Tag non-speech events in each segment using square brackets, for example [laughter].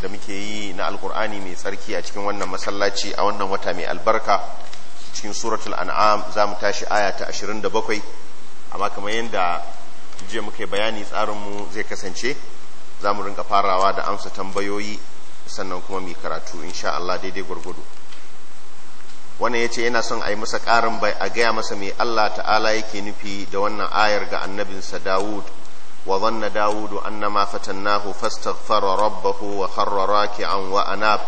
da muke yi na alkur'ani mai tsarki a cikin wannan masallaci a wannan wata mai albarka cikin suratul an'am za mu tashi aya ta 27 amma kamar yadda jiya muka yi bayani tsarinmu zai kasance za mu rinka farawa da amsa tambayoyi sannan kuma mai karatu insha Allah daidai gwargwado wannan ya ce yana son a yi masa ƙarin bai a gaya masa mai Allah ta'ala yake nufi da wannan ayar ga annabinsa Dawud وظن داود أن ما فتناه فاستغفر ربه وخر راكعا وأناب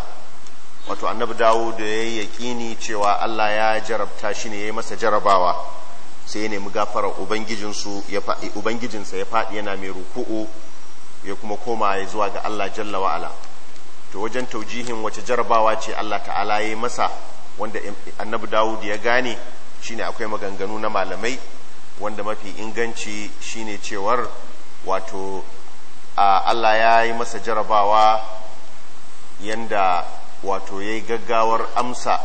wato annabi dawud ya yi yaƙini cewa allah ya jarabta shi ne ya yi masa jarabawa sai ya nemi gafara ubangijinsa ya faɗi yana mai ruku'u ya kuma koma ya zuwa ga allah jalla wa'ala to wajen taujihin wace jarabawa ce allah ta'ala ya yi masa wanda annabi dawud ya gane shine akwai maganganu na malamai wanda mafi inganci shine cewar wato Allah ya yi masa jarabawa yanda wato ya yi gaggawar amsa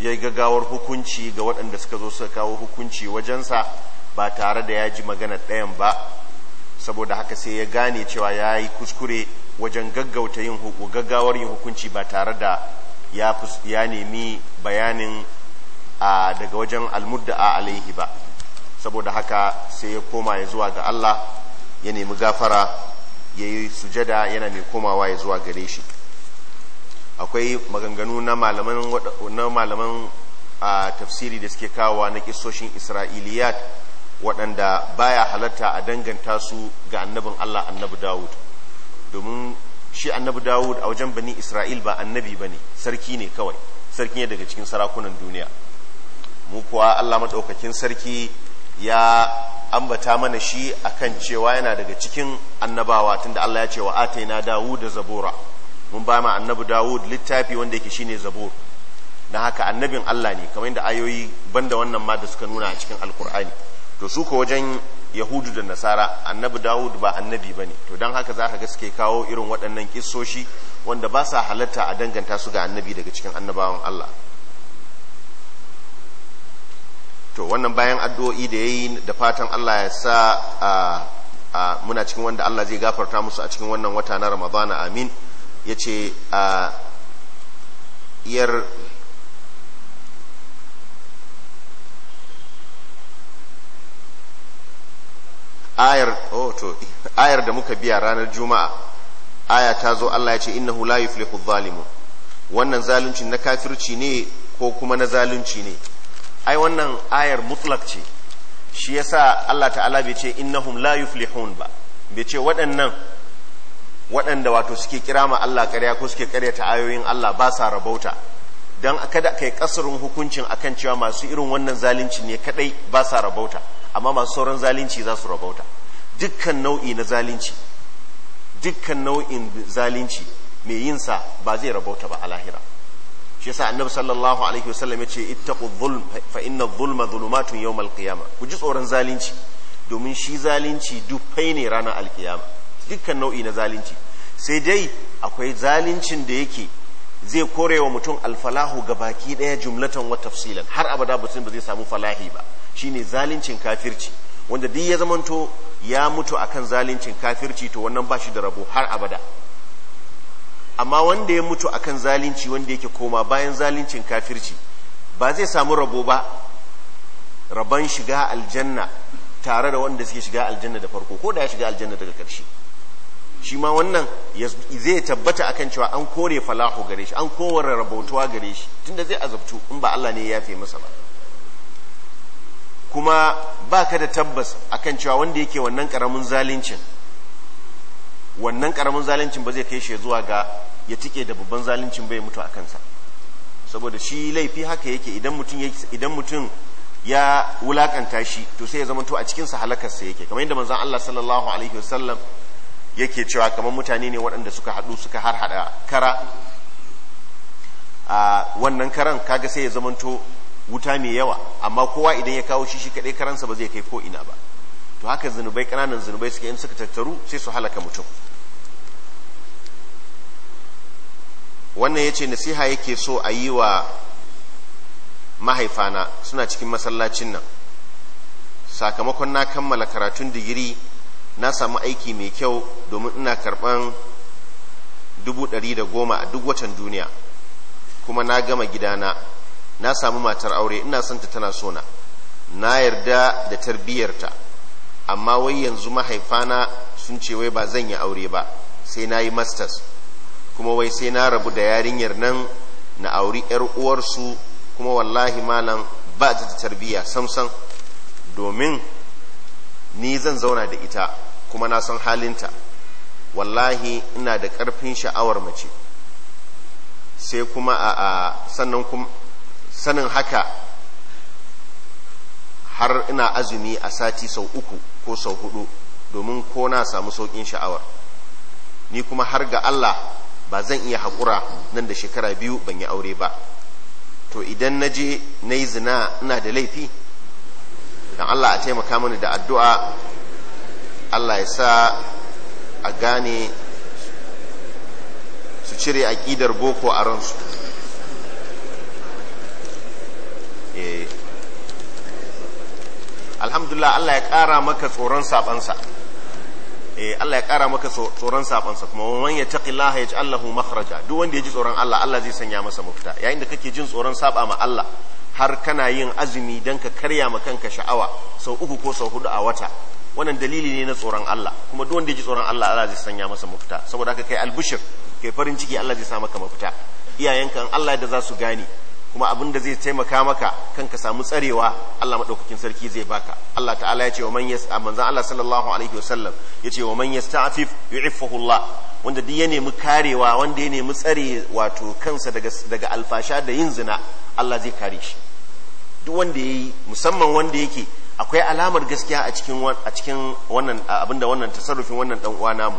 ya yi gaggawar hukunci ga waɗanda suka zo suka kawo hukunci wajensa ba tare da ya ji magana ɗayan ba saboda haka sai ya gane cewa ya yi kuskure wajen gaggauta yin gaggawar yin hukunci ba tare da ya nemi bayanin daga wajen almudda alaihi ba saboda haka sai ya koma ya zuwa ga Allah ya nemi gafara ya yi sujada yana mai komawa ya zuwa gare shi akwai maganganu na malaman a tafsiri da suke kawowa na kisoshin isra'iliyat waɗanda baya halatta a danganta su ga annabin Allah annabi Dawud domin shi annabi Dawud a wajen bani Isra'il ba annabi ba ne sarki ne kawai sarki ne daga cikin sarakunan duniya mu kuwa Allah maɗaukakin sarki ya ambata mana shi a kan cewa yana daga cikin annabawa tunda Allah ya ce wa ataina Dawud da zabura mun ba ma annabi Dawud littafi wanda yake shine zabur na haka annabin Allah ne kamar yadda ayoyi banda wannan ma da suka nuna a cikin alkur'ani to su ko wajen yahudu da nasara annabi Dawud ba annabi ba ne to dan haka zaka ga suke kawo irin waɗannan kissoshi wanda ba sa halatta a danganta su ga annabi daga cikin annabawan Allah to wannan bayan addu'o'i da ya yi da fatan Allah ya sa a muna cikin wanda Allah zai gafarta musu a cikin wannan wata na Ramadana amin Ya a yar ayar oh to ayar da muka biya ranar juma'a aya ta zo Allah ya ce hula yi yuflihu zalimu wannan zalunci na kafirci ne ko kuma na zalunci ne ai wannan ayar mutlak ce shi yasa Allah ta'ala bai ce innahum la yuflihun ba bai ce waɗannan waɗanda wato suke kira ma Allah ƙarya ko suke ta ayoyin Allah ba sa rabauta don kada kai kasarin hukuncin akan cewa masu irin wannan zalunci ne kadai ba sa rabauta amma masu sauran zalunci za su rabauta dukkan nau'i na zalunci dukkan nau'in zalunci mai yinsa ba zai rabauta ba a lahira shi yasa annabi sallallahu alaihi wasallam yace ittaqu dhulm fa inna dhulma dhulumatun yawm alqiyama ku ji tsoron zalunci domin shi zalunci dufai ne ranar alkiyama dukkan nau'i na zalunci sai dai akwai zaluncin da yake zai kore wa mutum alfalahu ga baki daya jumlatan wa tafsilan har abada mutum ba zai samu falahi ba shine zaluncin kafirci wanda duk ya zamanto ya mutu akan zaluncin kafirci to wannan ba shi da rabo har abada amma wanda ya mutu akan zalunci wanda yake koma bayan zaluncin kafirci ba zai samu rabo ba rabon shiga aljanna tare da wanda suke shiga aljanna da farko ko da ya shiga aljanna daga ƙarshe shi ma wannan zai tabbata akan cewa an kore falahu gare shi an kowar rabautuwa gare shi tunda zai azabtu in ba Allah ne ya yafe masa ba kuma ba ka da tabbas akan cewa wanda yake wannan karamin zaluncin. wannan karamin zalincin ba zai kai shi zuwa ga ya tike da babban zalincin bai mutu a kansa saboda shi laifi haka yake idan mutum ya wulakanta shi to sai ya zama to a cikin sa halakar yake kamar yadda manzon Allah sallallahu alaihi wasallam yake cewa kamar mutane ne waɗanda suka haɗu suka har hada kara a wannan karan kaga sai ya zama to wuta mai yawa amma kowa idan ya kawo shi shi kaɗai karansa ba zai kai ko ina ba to haka zanubai ƙananan zanubai suke in suka tattaru sai su halaka mutum wannan ya ce nasiha yake so a yi wa mahaifana suna cikin masallacin nan sakamakon na kammala karatun digiri na samu aiki mai kyau domin ina karɓan dubu ɗari da goma a duk watan duniya kuma na gama gidana na samu matar aure ina son ta tana sona na yarda da tarbiyyarta amma wai yanzu mahaifana sun ce wai ba zan yi aure ba sai na yi masters kuma wai sai na rabu da yarinyar nan na auri yar uwarsu kuma wallahi malam ba ta tarbiyya samsan domin ni zan zauna da ita kuma na san halinta wallahi ina da ƙarfin sha'awar mace sai kuma a sannan sanin haka har ina azumi a sati sau uku ko sau hudu domin ko na samu sauƙin sha'awar ni kuma har ga Allah ba zan iya haƙura nan da shekara biyu ban yi aure ba to idan na je na yi zina ina da laifi don Allah a taimaka mini da addu'a Allah ya sa a gane su cire aƙidar boko a ransu eh. alhamdulillah Allah ya ƙara maka tsoron sabansa eh Allah ya kara maka tsoron sabansa kuma ya ya yattaqillaha yaj'al lahu makhraja duk wanda ya ji tsoron Allah Allah zai sanya masa mafita yayin da kake jin tsoron saba ma Allah har kana yin azumi dan ka karya ma kanka sha'awa sau uku ko sau hudu a wata wannan dalili ne na tsoron Allah kuma duk wanda ya ji tsoron Allah Allah zai sanya masa mafita saboda haka kai albushir kai farin ciki Allah zai sa maka mafita iyayenka Allah da za su gane kuma abin da zai taimaka maka kan ka samu tsarewa Allah madaukakin sarki zai baka Allah ta'ala ya ce wa man yas manzan Allah sallallahu alaihi wasallam ya ce wa man yasta'fif yu'iffahu Allah wanda duk ya nemi karewa wanda ya nemi tsare wato kansa daga daga alfasha da yin zina Allah zai kare shi duk wanda yayi musamman wanda yake akwai alamar gaskiya a cikin a cikin wannan abinda wannan tasarrufin wannan dan uwa namu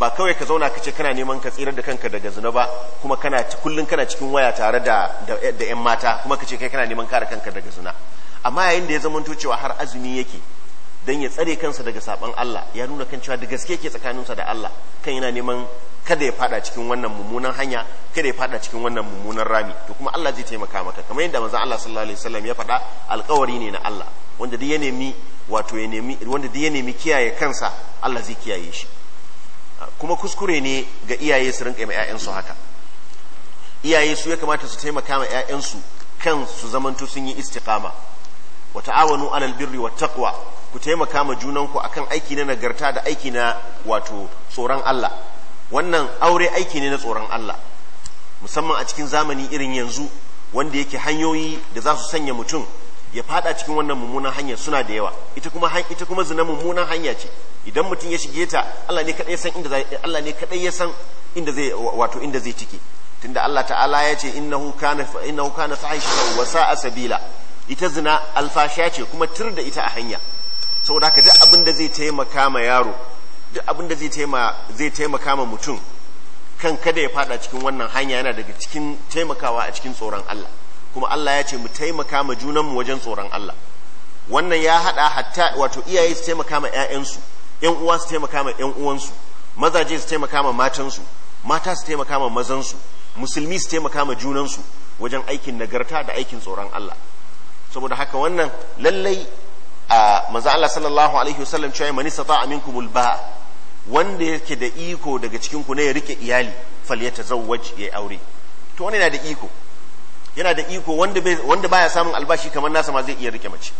ba kawai ka zauna ka ce kana neman ka tsirar da kanka daga zina ba kuma kana kullun kana cikin waya tare da da yan mata kuma ka ce kai kana neman kare kanka daga zina amma yayin da ya zama cewa har azumi yake dan ya tsare kansa daga saban Allah ya nuna kan cewa da gaske yake tsakaninsa da Allah kan yana neman kada ya fada cikin wannan mummunan hanya kada ya fada cikin wannan mummunan rami to kuma Allah zai taimaka maka kamar yadda manzon Allah sallallahu alaihi wasallam ya faɗa alƙawari ne na Allah wanda duk ya nemi wato ya nemi wanda duk ya nemi kiyaye kansa Allah zai kiyaye shi kuma kuskure ne ga iyaye su rinka ma su haka iyaye su ya kamata su taimaka ma 'ya'yansu kan su zamanto sun yi istiqama wa ta'awanu alal birri wa taqwa ku taimaka ma junanku akan aiki na nagarta da aiki na wato tsoron Allah wannan aure aiki ne na tsoron Allah musamman a cikin zamani irin yanzu wanda yake hanyoyi da za su sanya mutum ya fada cikin wannan mummunan hanya suna da yawa ita kuma ita kuma zina mummunan hanya ce idan mutum ya shige ta Allah ne kadai san inda Allah ne kadai ya san inda zai wato inda zai cike tunda Allah ta'ala ya ce innahu kana innahu kana fahishatan wa sa'a sabila ita zina alfasha ce kuma tur da ita a hanya saboda haka duk abin da zai taimaka ma yaro duk abin da zai taimaka zai taimaka ma mutum kan kada ya fada cikin wannan hanya yana daga cikin taimakawa a cikin tsoron Allah kuma Allah ya ce mu taimaka ma junanmu wajen tsoron Allah wannan ya hada hatta wato iyaye su taimaka ma 'ya'yansu yan uwa su taimaka ma yan uwansu mazaje su taimaka ma matansu mata su taimaka ma mazansu musulmi su taimaka ma junansu wajen aikin nagarta da aikin tsoron Allah saboda haka wannan lallai a manzo Allah sallallahu alaihi wasallam cewa man istata'a minkum alba wanda yake da iko daga cikin ku ne ya rike iyali falyatazawwaj ya aure to wani yana da iko yana da iko wanda wanda baya samun albashi kamar nasa ma zai iya rike mace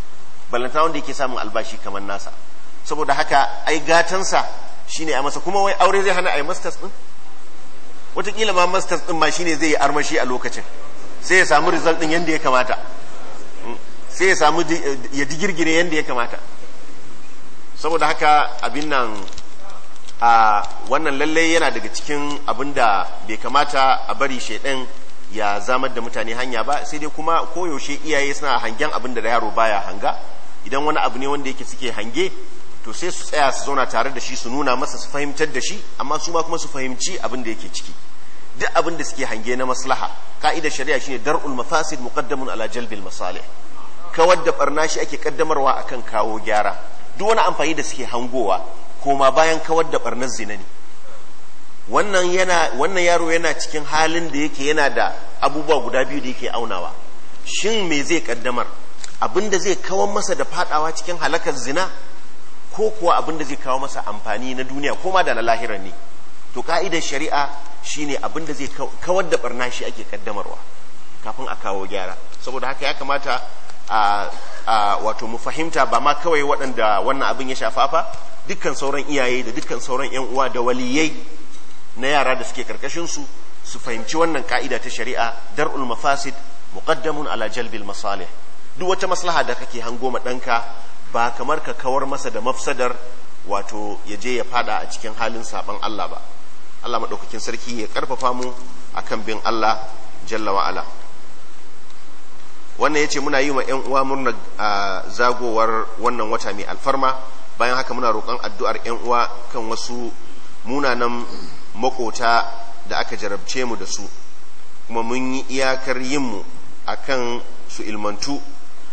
balanta wanda yake samun albashi kamar nasa saboda haka ai gatansa shine a masa kuma wai aure zai hana a yi masters din watakila ma masters din ma shine zai yi armashi a lokacin sai ya samu result din yadda ya kamata hmm. sai ya samu ya digirgire yadda ya kamata saboda haka abin nan a wannan lallai yana daga cikin abin da bai kamata a bari shaidan ya zamar da mutane hanya ba sai dai kuma koyaushe iyaye suna hangen abin da yaro baya hanga idan wani abu ne wanda yake suke hange to sai su tsaya su zauna tare da shi su nuna masa su fahimtar da shi amma su ma kuma su fahimci abin da yake ciki duk abin da suke hange na maslaha ka'idar shari'a shine dar'ul mafasid muqaddamun ala jalbil masalih kawar da barna shi ake kaddamarwa akan kawo gyara duk wani amfani da suke hangowa koma bayan kawar da barnar zina ne wannan yana wannan yaro yana cikin halin da yake yana da abubuwa guda biyu da yake aunawa shin me zai kaddamar abin da zai kawar masa da fadawa cikin halakar zina ko kuwa abin da zai kawo masa amfani na duniya ko ma da na lahira ne to ka'idar shari'a shine abin da zai kawar da barna shi ake kaddamarwa kafin a kawo gyara saboda haka ya kamata a wato mu fahimta ba ma kawai waɗanda wannan abin ya shafa fa dukkan sauran iyaye da dukkan sauran yan uwa da waliyai na yara da suke karkashin su su fahimci wannan ka'ida ta shari'a dar'ul mafasid muqaddamun ala jalbil masalih duk wata maslaha da kake hango ma ɗanka ba kamar ka kawar masa da mafsadar wato ya je ya fada a cikin halin saban Allah ba Allah maɗaukakin sarki ya ƙarfafa mu a kan bin Allah jalla wa'ala wannan ya ce muna yi wa 'yan uwa murna zagowar wannan wata mai alfarma bayan haka muna roƙon addu'ar 'yan uwa kan wasu munanan makota da aka jarabce mu da su kuma mun yi iyakar yinmu a kan su ilmantu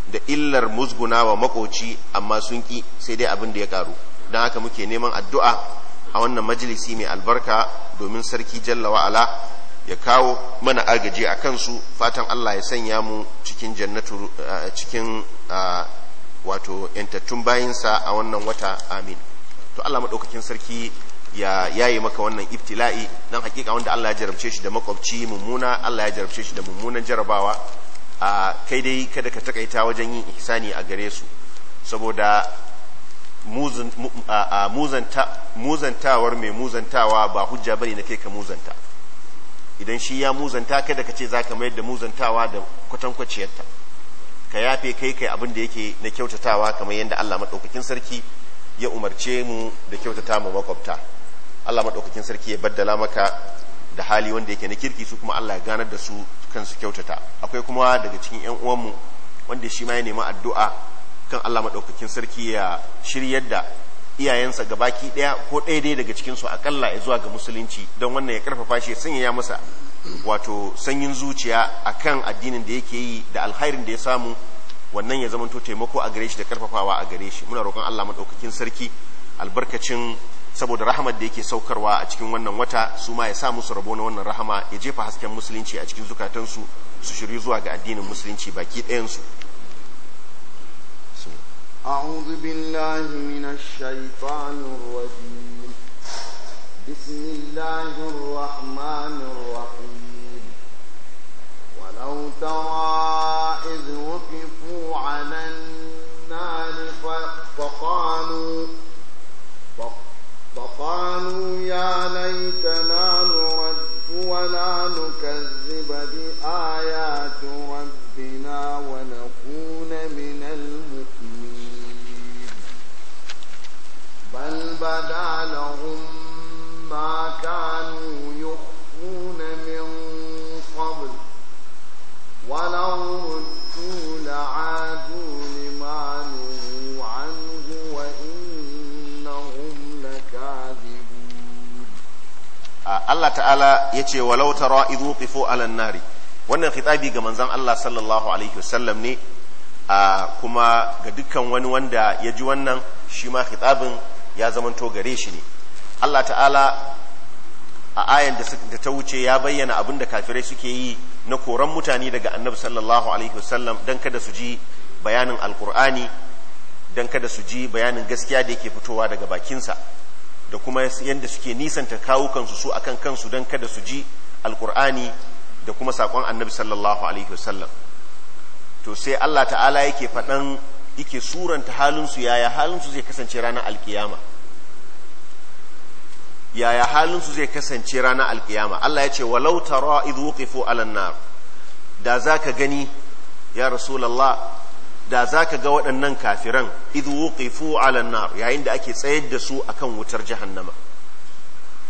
da illar musguna wa makoci amma sun ki sai dai abin da ya karu don haka muke neman addu'a a wannan majalisi mai albarka domin sarki jalla wa'ala ya kawo mana agaji a kansu fatan Allah ya sanya mu cikin jannatu eh, cikin eh, wato yantattun bayinsa a wannan wata amin to Allah maɗaukakin sarki ya yayi maka wannan ibtila'i don hakika wanda Allah ya jarabce shi da makwabci mummuna Allah ya jarabce shi da mummunan jarabawa a kai dai kada ka takaita wajen yin ihsani a gare su saboda muzantawar mai muzantawa ba hujja bane na kai ka muzanta idan shi ya muzanta kada ka ce za ka mayar da muzantawa da kwatankwaciyarta ka yafe kai kai abin da yake na kyautatawa kamar yadda Allah maɗaukakin sarki ya umarce mu da kyautata mu makwabta Allah maɗaukakin sarki ya baddala maka da hali wanda yake na kirki su kuma Allah ya ganar da su kan su kyautata akwai kuma daga cikin yan uwanmu wanda shi ma ya nemi addu'a kan Allah madaukakin sarki ya shiryar da iyayensa gabaki daya ko ɗaya dai daga cikin su akalla ya zuwa ga musulunci don wannan ya karfafa shi ya sanya masa wato sanyin zuciya akan addinin da yake yi da alkhairin da ya samu wannan ya zama zamanto taimako a gare shi da karfafawa a gare shi muna roƙon Allah madaukakin sarki albarkacin saboda rahamar da yake saukarwa a cikin wannan wata su ma ya sa musu rabo na wannan rahama ya jefa hasken musulunci a cikin zukatansu su shiri zuwa ga addinin musulunci baki ɗayansu أعوذ بالله من الشيطان الرجيم بسم الله الرحمن الرحيم ولو ترى إذ وقفوا على النار فقالوا قالوا يا ليتنا نرد ولا نكذب بآيات ربنا ونكون من المؤمنين بل بدا لهم ما كانوا يخفون من قبل ولو ردوا لعادوا لما نرد Allah ta'ala ya ce walau tara idhu qifu ala nari wannan khitabi ga manzon Allah sallallahu alaihi wasallam ne kuma ga dukkan wani wanda ya ji wannan shi ma khitabin ya zamanto gare shi ne Allah ta'ala a ayan da ta wuce ya bayyana abin da kafirai suke yi na koran mutane daga annabi sallallahu alaihi wasallam dan kada su ji bayanin alqur'ani dan kada su ji bayanin gaskiya da yake fitowa daga bakinsa da kuma yadda suke nisanta kawukansu su akan kansu don kada su ji alkur'ani da kuma saƙon annabi sallallahu alaihi wasallam to sai Allah ta'ala yake faɗan yake suranta halinsu yaya halinsu zai kasance ranar alkiyama yaya halinsu zai kasance ranar alkiyama Allah ya ce walau tara idu wuqifu alannar da zaka gani ya rasulullah da za ka ga waɗannan kafiran idh wuqifu ala nar yayin da ake tsayar da su akan wutar jahannama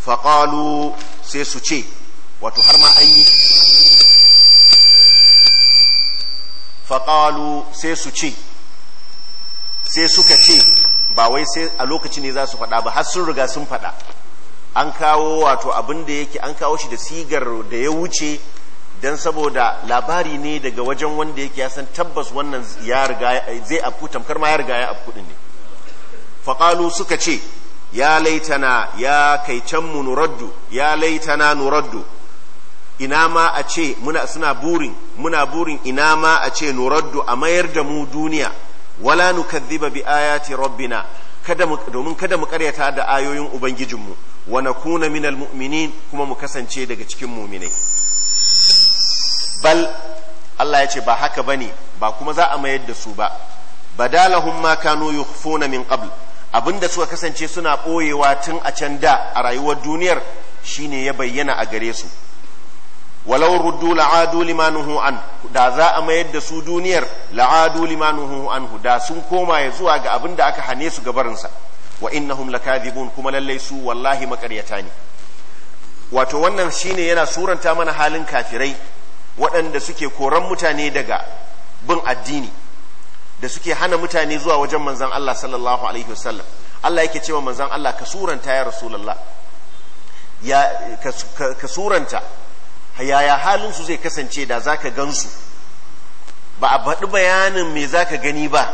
faƙalu sai su ce wato har ma an yi faƙalu sai su ce sai suka ce ba wai sai a lokaci ne za su faɗa ba har sun riga sun faɗa an kawo wato abin da yake an kawo shi da sigar da ya wuce don saboda labari ne daga wajen wanda yake ya san tabbas wannan ya riga zai afku tamkar ma ya riga ya afku din ne faƙalu suka ce ya laitana ya kai mu nuraddu ya laitana nuraddu ina ma a ce muna suna burin muna burin ina ma a ce nuraddu a mayar da mu duniya wala nukadhiba bi ayati rabbina kada mu domin kada mu karyata da ayoyin ubangijinmu wa nakuna minal mu'minin kuma mu kasance daga cikin mu'minai bal Allah ya ce ba haka bane ba kuma za a mayar da su ba badalahum ma kanu yukhfuna min qabl abinda suka kasance suna ɓoyewa tun a can da a rayuwar duniyar shine ya bayyana a gare su walau ruddu la'adu limanuhu an da za a mayar da su duniyar la'adu limanuhu hu da sun koma ya zuwa ga abin da aka hane su gabarinsa wa innahum lakadhibun kuma lallai su wallahi makaryata ne wato wannan shine yana suranta mana halin kafirai waɗanda suke koran mutane daga bin addini da suke hana mutane zuwa wajen manzan Allah sallallahu alaihi wasallam Allah yake cewa manzan Allah ka suranta ya rasulullah ya ka suranta yaya halinsu zai kasance da zaka gansu ba a baɗi bayanin me zaka gani ba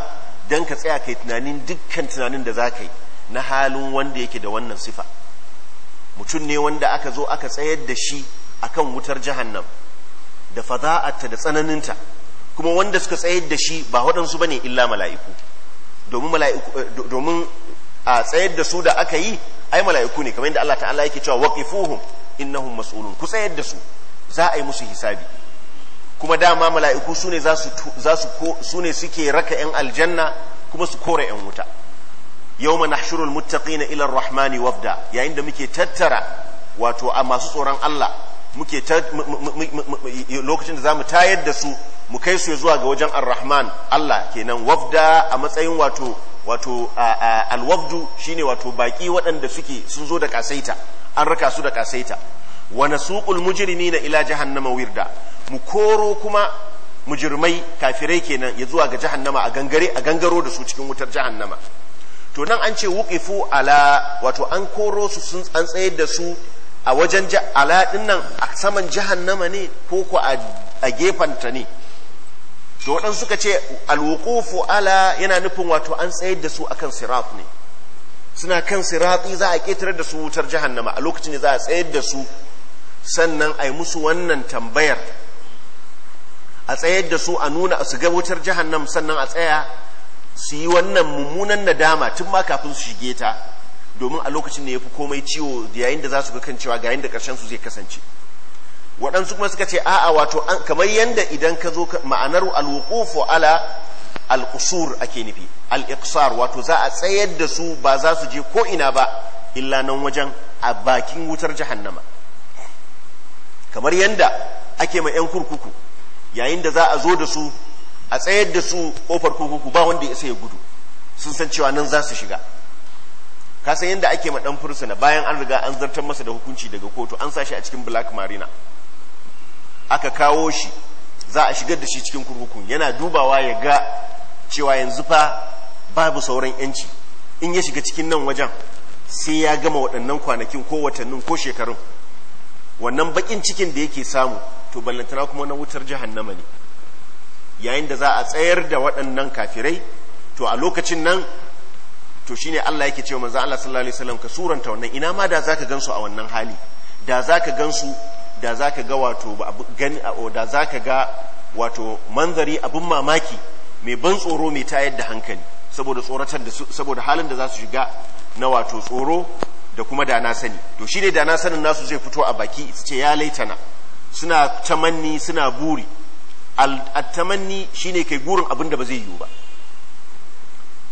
don ka tsaya kai tunanin dukkan tunanin da zaka yi na halin wanda yake da wannan sifa mutum ne wanda aka zo aka tsayar da shi akan wutar jahannam da ta da tsananinta kuma wanda suka tsayar da shi ba waɗansu ne illa mala'iku domin mala'iku domin a tsayar da su da aka yi ai mala'iku ne kamar yadda Allah ta'ala yake cewa waqifuhum innahum mas'ulun ku tsayar da su za a yi musu hisabi kuma dama mala'iku su ne za su su ne suke raka yan aljanna kuma su kore yan wuta yawma nahshurul muttaqina ila rahmani wafda yayin da muke tattara wato a masu tsoron Allah muke lokacin da za mu tayar da su mu kai su zuwa ga wajen ar-rahman Allah kenan wafda a matsayin wato wato al-wafdu shine wato baki waɗanda suke sun zo da kasaita an raka su da kasaita wa nasuqul mujrimina ila jahannama wirda mu koro kuma mujirmai kafirai kenan ya zuwa ga jahannama a gangare a gangaro da su cikin wutar jahannama to nan an ce wuqifu ala wato an koro su sun an da su a wajen aladin nan a saman jahannama ne ko ko a gefanta ne to waɗansu suka ce alwukufu ala yana nufin wato an tsayar da su akan sirat ne suna kan sirati za a ƙetare da su wutar jahannama a lokacin ne za a tsayar da su sannan a yi musu wannan tambayar a tsayar da su a nuna su ga wutar jahannam sannan a tsaya su yi wannan mummunan nadama tun ma kafin su shige ta domin a lokacin da ya fi komai ciwo yayin da za su ga kan cewa ga da ƙarshen su zai kasance waɗansu kuma suka ce a'a wato kamar yadda idan ka zo ma'anar alwuqufu ala alqusur ake nufi al-iqsar wato za a tsayar da su ba za su je ko ina ba illa nan wajen a bakin wutar jahannama kamar yadda ake ma yan kurkuku yayin da za a zo da su a tsayar da su ƙofar kurkuku ba wanda ya sai gudu sun san cewa nan za su shiga ka san yadda ake ma dan fursuna bayan an riga an zartar masa da hukunci daga kotu an sa shi a cikin black marina aka kawo shi za a shigar da shi cikin kurkukun yana dubawa ya ga cewa yanzu fa babu sauran yanci in ya shiga cikin nan wajen sai ya gama waɗannan kwanakin ko watannin ko shekarun wannan bakin cikin da yake samu to ballantana kuma na wutar jahannama ne yayin da za a tsayar da waɗannan kafirai to a lokacin nan to shine Allah yake cewa manzo Allah sallallahu alaihi wasallam ka suranta wannan ina ma da zaka gansu a wannan hali da zaka gansu da zaka ga wato gani da zaka ga wato manzari abin mamaki mai ban tsoro mai tayar da hankali saboda tsoratar da saboda halin da za su shiga na wato tsoro da kuma da na sani to shine da na sanin nasu zai fito a baki su ce ya laitana suna tamanni suna buri al tamanni shine kai gurin abin da ba zai yiwu ba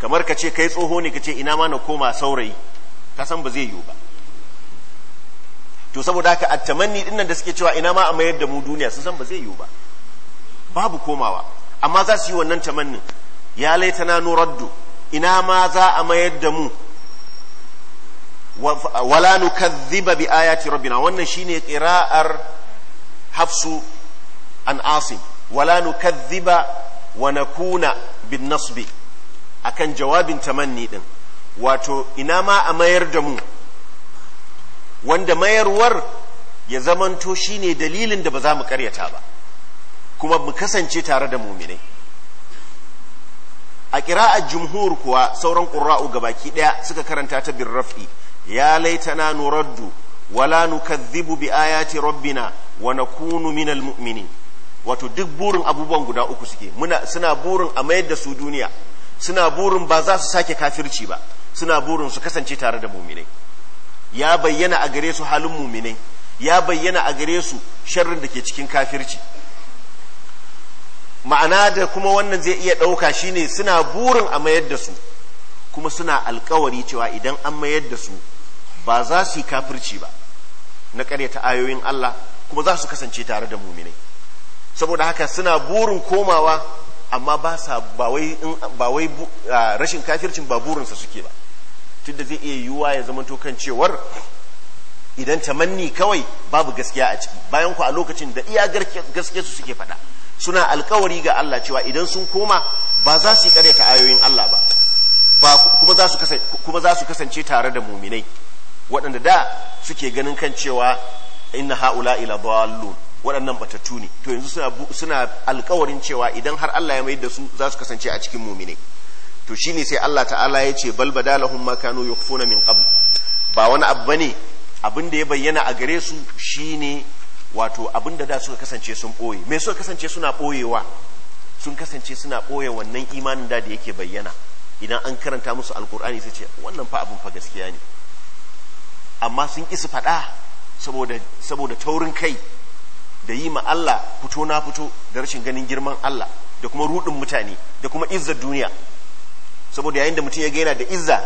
kamar ka ce kai tsoho ne ka ce ina ma na koma saurayi ka san ba zai yiwu ba to saboda haka a tamanni dinnan da suke cewa ina ma a mayar da mu duniya su san ba zai yiwu ba babu komawa amma za su yi wannan tamannin ya laita na nuraddu ina ma za a mayar da mu wala nukazziba bi ayati rabbina wannan shine qira'ar hafsu an asim wala nukazziba wa nakuna bin nasbi akan jawabin tamanni din wato ina ma a mayar da mu wanda mayarwar ya zamanto shine dalilin da ba za mu karyata ba kuma mu kasance tare da muminai a ƙira'ar jumhur kuwa sauran ƙura'u baki ɗaya suka karanta ta bin rafi ya laita na nuraddu wala nukazzibu bi ayati rabbina wa nakunu minal mu'minin wato duk burin abubuwan guda uku suke muna suna burin a mayar da su duniya suna burin ba za su sake kafirci ba suna burin su kasance tare da muminai ya bayyana a gare su halin muminai ya bayyana a gare su sharrin da ke cikin kafirci ma'ana da kuma wannan zai iya ɗauka shine suna burin a mayar da su kuma suna alkawari cewa idan an mayar da su ba za su yi kafirci ba na ta ayoyin Allah kuma za su kasance tare da muminai saboda haka suna burin komawa amma ba sa ba wai rashin kafircin ba burinsa suke ba tunda zai iya yiwuwa ya zama tokan kan cewar idan tamanni kawai babu gaskiya a ciki bayan ku a lokacin da iya gaske su suke faɗa suna alkawari ga Allah cewa idan sun koma ba za su yi ta ayoyin Allah ba kuma za su kasance tare da muminai waɗanda da suke ganin kan cewa inna ha'ula ila dallun waɗannan batattu ne to yanzu suna suna alƙawarin cewa idan har Allah ya mai da su za su kasance a cikin mumine to shi ne sai Allah ta'ala ya ce bal badalahum ma kanu yukhfuna min qabl ba wani abu bane abin da ya bayyana a gare su shine wato abin da da suka kasance sun ɓoye mai suka kasance suna ɓoyewa sun kasance suna ɓoye wannan imanin da da yake bayyana idan an karanta musu alkur'ani sai ce wannan fa abin fa gaskiya ne amma sun ƙi su faɗa saboda taurin kai da yi ma Allah fito na fito da rashin ganin girman Allah da kuma rudin mutane da kuma izzar duniya saboda yayin da mutum ya gaina da izza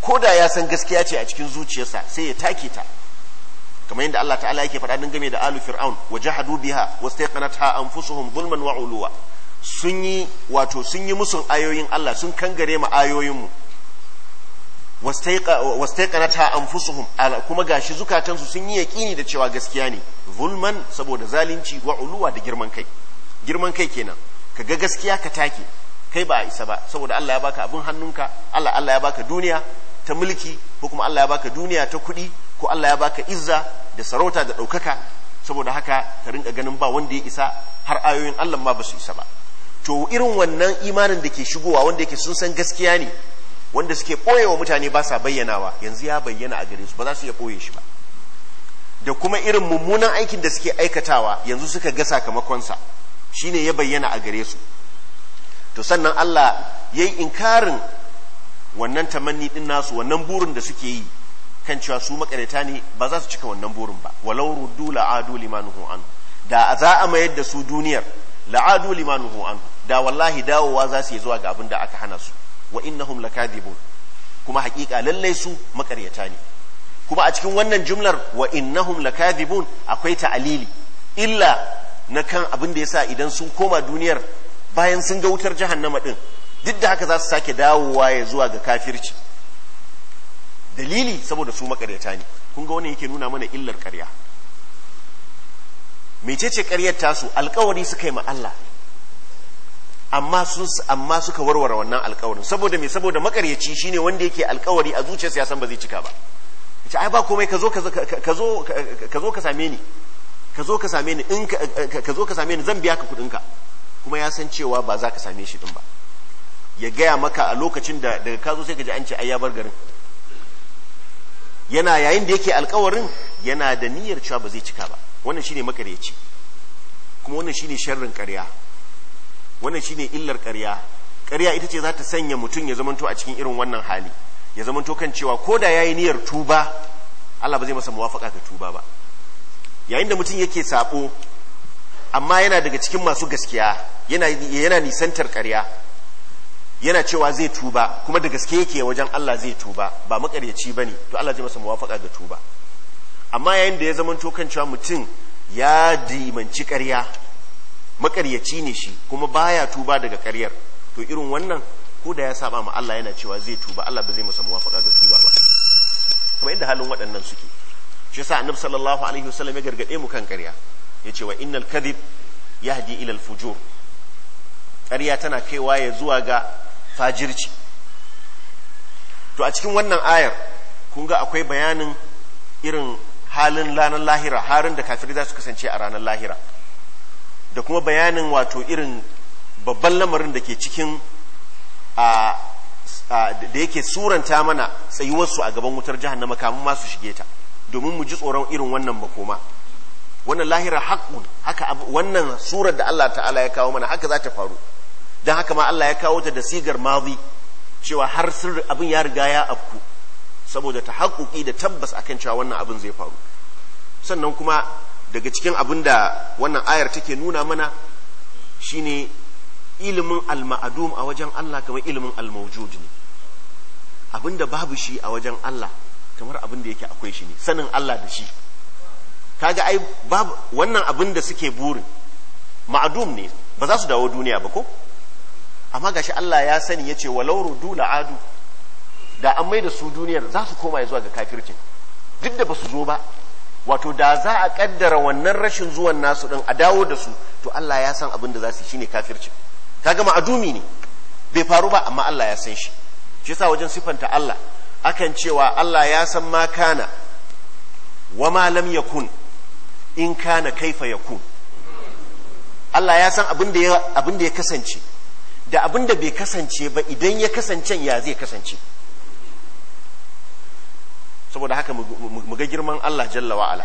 ko da ya san gaskiya ce a cikin zuciyarsa sai ya take ta kamar yadda Allah ta'ala yake faɗa game da alu fir'aun wa jahadu biha wastaqanatha anfusuhum zulman wa uluwa sun yi wato sun yi musun ayoyin Allah sun kangare ma ayoyin mu ta wastaiqanata anfusuhum kuma shi zukatansu sun yi yaƙini da cewa gaskiya ne zulman saboda zalunci wa uluwa da girman kai girman kai kenan ka ga gaskiya ka take kai ba a isa ba saboda Allah ya baka abin hannunka Allah Allah ya baka duniya ta mulki ko kuma Allah ya baka duniya ta kuɗi ko Allah ya baka izza da sarauta da ɗaukaka saboda haka ka rinka ganin ba wanda ya isa har ayoyin Allah ma ba su isa ba to irin wannan imanin da ke shigowa wanda yake sun san gaskiya ne wanda suke wa mutane ba sa bayyanawa yanzu ya bayyana a gare su ba za su iya ɓoye shi ba da kuma irin mummunan aikin da suke aikatawa yanzu suka ga sakamakonsa shine ya bayyana a gare su to sannan Allah ya yi inkarin wannan tamanni din nasu wannan burin da suke yi kan cewa su makareta ne ba za su cika wannan burin ba walau ruddu la'adu limanuhu an da za a mayar da su duniyar la'adu limanuhu an da wallahi dawowa za su yi zuwa ga abin da aka hana su wa innahum lakadibun kuma hakika lalle su makaryata ne kuma a cikin wannan jumlar wa innahum lakadibun akwai ta'alili illa na kan abin da yasa idan sun koma duniyar bayan sun ga wutar jahannama din duk da haka za su sake dawowa ya zuwa ga kafirci dalili saboda su makaryata ne kun ga wannan yake nuna mana illar karya mecece karyar tasu alkawari suka yi ma Allah amma sun amma suka warware wannan alƙawarin saboda me saboda makaryaci shine wanda yake alƙawari a zuciyarsa ya san ba zai cika ba ce ai ba komai ka zo ka zo ka same ni ka zo ka same ni in ka zo ka same ni zan biya ka kudin ka kuma ya san cewa ba za ka same shi din ba ya gaya maka a lokacin da daga ka zo sai ka ji an ce ai ya bar garin yana yayin da yake alƙawarin yana da niyyar cewa ba zai cika ba wannan shine makaryaci kuma wannan shine sharrin ƙarya wannan shine illar karya karya ita ce za ta sanya mutum ya zamanto a cikin irin wannan hali ya zamanto kan cewa ko da yayi niyyar tuba Allah ba zai masa muwafaka ga tuba ba yayin da mutum yake sabo amma yana daga cikin masu gaskiya yana nisantar karya yana cewa zai tuba kuma da gaske yake wajen Allah zai tuba ba makaryaci ba ne to Allah zai masa muwafaka ga tuba amma yayin da ya zamanto kan cewa mutum ya dimanci karya. makaryaci ne shi kuma baya tuba daga karyar to irin wannan ko da ya saba ma Allah yana cewa zai tuba Allah ba zai masa muwafaqa ga tuba ba kuma inda halin waɗannan suke shi yasa annabi sallallahu alaihi wasallam ya gargade mu kan ya yace wa innal kadhib yahdi ila al fujur tana kaiwa ya zuwa ga fajirci to a cikin wannan ayar kun ga akwai bayanin irin halin ranar lahira harin da kafiri za su kasance a ranar lahira da kuma bayanin wato irin babban lamarin da ke cikin da yake suranta mana tsayuwarsu a gaban wutar jahannama kamun masu shige ta domin mu ji tsoron irin wannan makoma wannan lahira haƙun haka wannan surar da Allah ta'ala ya kawo mana haka za ta faru don haka ma Allah ya kawo ta da sigar mazi cewa har sirri abin ya riga ya afku saboda ta haƙuƙi da tabbas akan cewa wannan abin zai faru sannan kuma daga cikin abin da wannan ayar take nuna mana shine ilimin al a wajen Allah kamar ilimin al ne abin da babu shi a wajen Allah kamar abin da yake akwai shi ne sanin Allah da shi ga ai babu wannan abin da suke burin ma'adum ne ba za su dawo duniya ba ko amma gashi Allah ya sani ya ce walau rudu la'adu da an mai da su duniyar za su koma zuwa ga kafircin duk da ba su zo ba wato da za a kaddara wannan rashin zuwan nasu din a dawo da su to Allah ya san abin da za su shine kafirci kaga ma'adumi ne bai faru ba amma Allah ya san shi shi yasa wajen sifanta Allah akan cewa Allah ya san ma kana wa ma lam yakun in kana kaifa yakun Allah ya san abin da ya abin da ya kasance da abin da bai kasance ba idan ya kasance ya zai kasance saboda haka mu ga girman Allah jalla wa'ala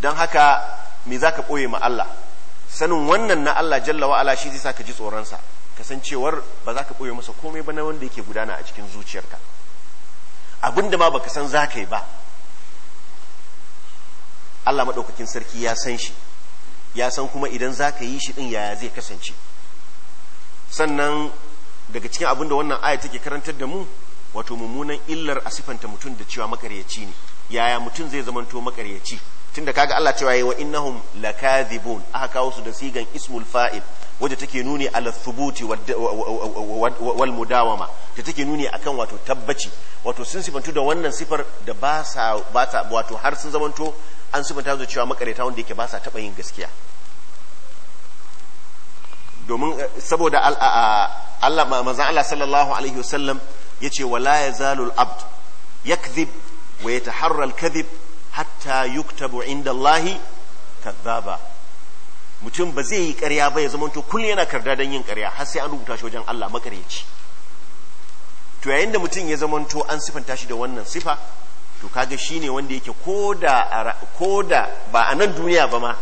don haka me za ka ɓoye ma Allah sanin wannan na Allah jalla wa'ala shi zai sa ka ji tsoronsa kasancewar ba za ka ɓoye masa komai ba na wanda yake gudana a cikin zuciyarka abin da ma baka san za ka yi ba Allah maɗaukakin sarki ya san shi ya san kuma idan za ka yi shi ɗin yaya zai kasance sannan daga cikin abin da wannan aya take karantar da mu wato mummunan illar a sifanta mutum da cewa makaryaci ne yaya mutum zai zamanto makaryaci tunda kaga Allah cewa yayi wa innahum lakathibun aka kawo su da sigan ismul fa'il wanda take nuni ala thubuti wal mudawama ta take nuni akan wato tabbaci wato sun sifantu da wannan sifar da ba sa ba ta wato har sun zamanto an sifanta da cewa makaryata wanda yake ba sa taba yin gaskiya domin eh, saboda Allah manzon Allah sallallahu alaihi wasallam yace wala zalul abd yakdhib wa yataharra al-kadhib hatta yuktabu inda Allah kadhaba mutum ba zai yi ƙarya ba ya zama to kullum yana karda don yin karya har sai an rubuta shi wajen Allah makaryaci to yayin da mutum ya zama to an sifanta shi da wannan sifa to kaga shine wanda yake koda koda ba a nan duniya ba ma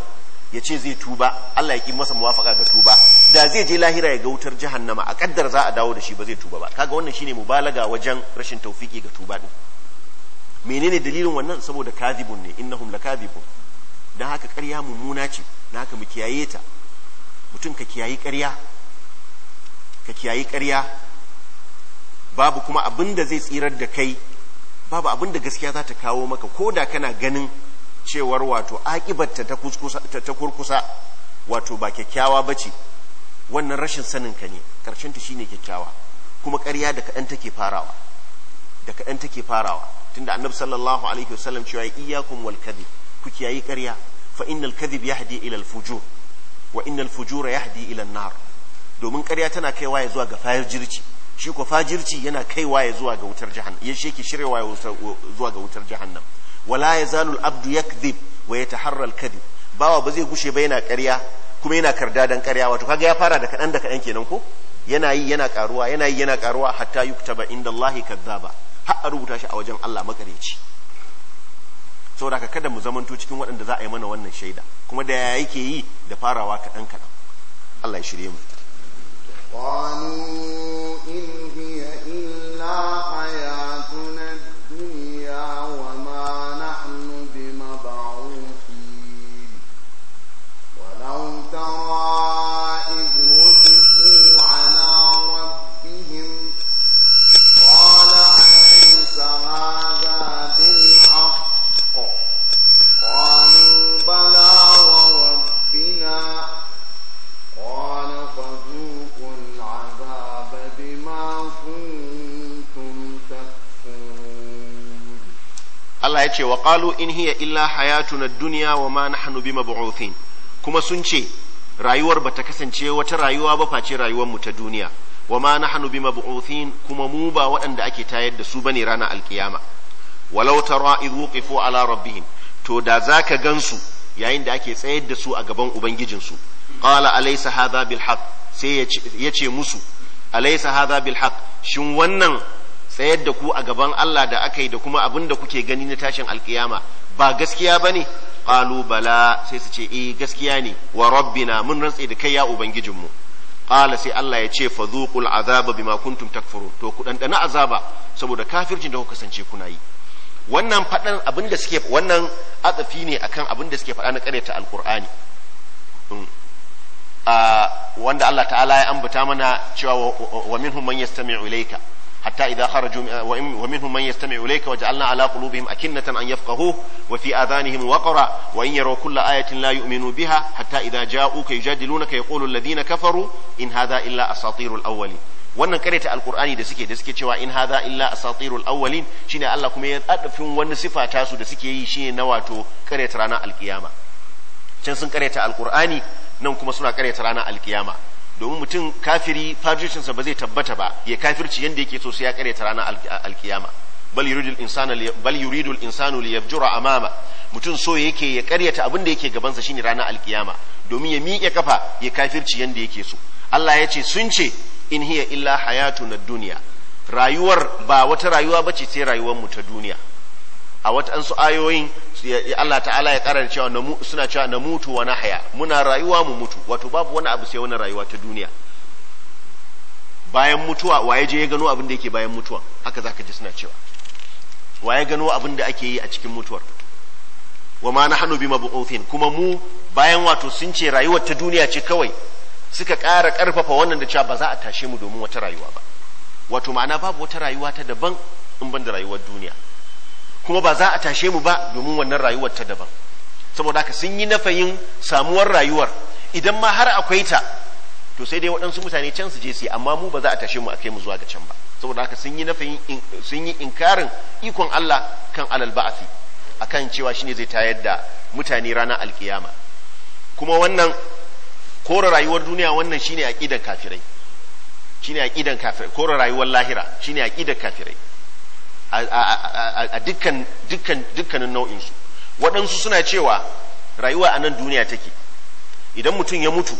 ya ce zai tuba Allah ya ki masa muwafaka ga tuba da zai je lahira ya ga wutar jahannama a kaddar za a dawo da shi ba zai tuba ba kaga wannan shine mubalaga wajen rashin taufiki ga tuba din menene dalilin wannan saboda kadhibun ne innahum lakadhibun dan haka ƙarya mummuna ce dan haka mu kiyaye ta mutum ka kiyaye ƙarya ka kiyaye ƙarya babu kuma abin da zai tsirar da kai babu abin da gaskiya za ta kawo maka ko da kana ganin cewar wato akibarta ta kurkusa wato ba kyakkyawa ba ce wannan rashin sanin ka ne ƙarshenta shi ne kyakkyawa kuma ƙarya da kaɗan take farawa da kaɗan take farawa tunda annabi sallallahu alaihi wasallam cewa iyyakum wal kadhib ku kiyayi ƙarya fa innal kadhib yahdi ila al fujur wa innal ya yahdi ila nar domin ƙarya tana kaiwa ya zuwa ga fayar fajirci shi ko fajirci yana kaiwa ya zuwa ga wutar jahannam ya sheke shirewa ya zuwa ga wutar jahannam wala ya zalul abdu yakdhib wa yataharra al-kadhib bawa ba zai gushe ba yana karya kuma yana karda dan karya wato kaga ya fara da kadan da kadan kenan ko yana yi yana karuwa yana yi yana karuwa hatta yuktaba inda Allah kadhaba har a rubuta shi a wajen Allah makareci saboda ka kada mu zamanto cikin waɗanda za a yi mana wannan shaida kuma da ya yake yi da farawa kaɗan kaɗan Allah ya shirye mu قالوا إن هي إلا حياتنا إليها وما نحن بمبعوثين ولو ترى Allah ya ce wa qalu in hiya illa hayatuna duniya wa ma nahnu bimab'uthin kuma sun ce rayuwar bata kasance wata rayuwa ba face rayuwar mu ta duniya wa ma nahnu bimab'uthin kuma mu ba waɗanda ake tayar da su bane ranar alkiyama walau tara idh wuqifu ala rabbihim to da zaka gansu yayin da ake tsayar da su a gaban ubangijinsu qala alaysa hadha bil haqq sai ya ce musu alaysa hadha bil haqq shin wannan tsayar da ku a gaban Allah da aka yi da kuma abin da kuke gani na tashin alkiyama ba gaskiya ba ne ƙalu bala sai su ce eh gaskiya ne wa rabbina mun rantse da kai ya ubangijinmu ƙala sai Allah ya ce fa zuqul azaba bima kuntum takfuru to ku dandana azaba saboda kafircin da kuka kasance kuna yi wannan faɗan abin suke wannan atsafi ne akan abin da suke faɗa na ƙaryata alkur'ani mm. ah, wanda Allah ta'ala ya ambata mana cewa wa minhum man yastami'u ilayka hatta idza kharaju wa minhum man yastami'u ilayka waj'alna a qulubihim akinnatan an yafqahu wafi fi adhanihim waqra wa in yaraw kulla ayatin la yu'minu biha hatta idza ja'uka yujadilunaka yaqulu alladhina kafaru in hadha illa asatirul awwalin wannan kareta alkur'ani da suke da suke cewa in haza illa asatirul awwalin shine Allah kuma ya adafin wani sifa ta su da suke yi shine na wato kareta ranar alkiyama can sun kareta alkur'ani nan kuma suna kareta ranar alkiyama domin mutum kafiri fajircinsa ba zai tabbata ba ya kafirci yadda yake so sai ya karyata ranar alkiyama bal yuridul insanu bal yuridul insanu mutum so yake ya karyata abin da yake gabansa shine ranar alkiyama domin ya miƙe kafa ya kafirci yadda yake so Allah ya ce sun ce in hiya illa hayatu na duniya rayuwar ba wata rayuwa bace sai rayuwar mu ta duniya a watansu ayoyin Allah ta'ala ya karar cewa suna cewa na mutu wa na haya muna rayuwa mu mutu wato babu wani abu sai wani rayuwa ta duniya bayan mutuwa waye je ya gano abin da yake bayan mutuwa haka zaka ji suna cewa waye gano abin da ake yi a cikin mutuwar wa ma nahnu bimab'uthin kuma mu bayan wato sun ce rayuwar ta duniya ce kawai suka ƙara ƙarfafa wannan da cewa ba za a tashe mu domin wata rayuwa ba wato ma'ana babu wata rayuwa ta daban in ban da rayuwar duniya kuma ba za a tashe mu ba domin wannan rayuwar ta daban saboda haka sun yi nafayin samuwar rayuwar idan ma har akwai ta to sai dai waɗansu mutane can su je su amma mu ba za a tashe mu a kai mu zuwa ga can ba saboda haka sun yi nafayin sun yi inkarin ikon Allah kan alal ba'asi akan cewa shine zai tayar da mutane ranar alkiyama kuma wannan kora rayuwar duniya wannan shine aqidar kafirai shine aqidan kafirai kora rayuwar lahira shine aqidar kafirai a dukkan dukkan dukkanin nau'insu waɗansu suna cewa rayuwa a nan duniya take idan mutum ya mutu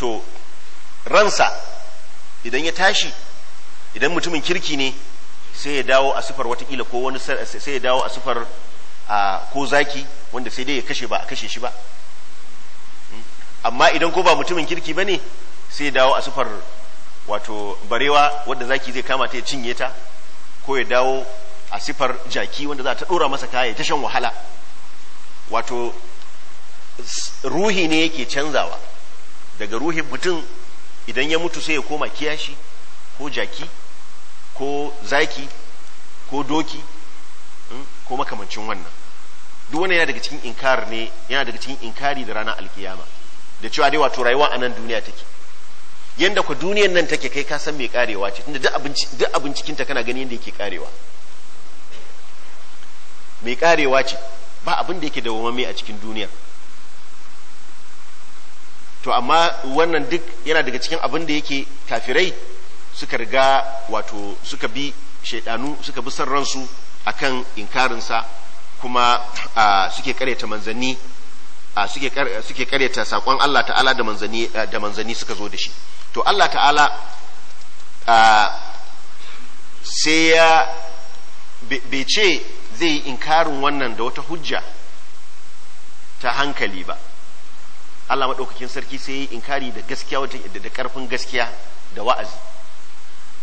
to ransa idan ya tashi idan mutumin kirki ne sai ya dawo a sufar watakila ko wani sai ya dawo a sufar ko zaki wanda sai dai ya kashe ba a kashe shi ba amma idan ko ba mutumin kirki ba ne sai ya dawo a sufar wato barewa wadda zaki zai kama ta ya cinye ta ko ya dawo a sifar jaki wanda za ta dora masa kaya ta shan wahala wato ruhi ne yake canzawa daga ruhin mutum idan ya mutu sai ya koma kiyashi ko jaki ko zaki ko doki hmm, ko makamancin wannan duk wannan yana daga cikin inkar inkari da ranar alkiyama da cewa dai wato rayuwa a nan duniya take yanda ku duniyan nan take kai ka san mai karewa ce tunda duk abin cikin ta kana gani yanda yake karewa mai karewa ce ba abin da yake dawwamamme a cikin duniya to amma wannan duk yana daga cikin abin da yake kafirai suka riga wato suka bi shaidanu suka bi san ransu akan inkarinsa kuma suke karyata manzanni suke karyata saƙon Allah ta'ala da manzanni suka zo da shi to Allah ta'ala sai ya bai ce zai yi inkarin wannan da wata hujja ta hankali ba Allah maɗaukakin sarki sai ya yi inkari da gaskiya wata da ƙarfin gaskiya da wa'azi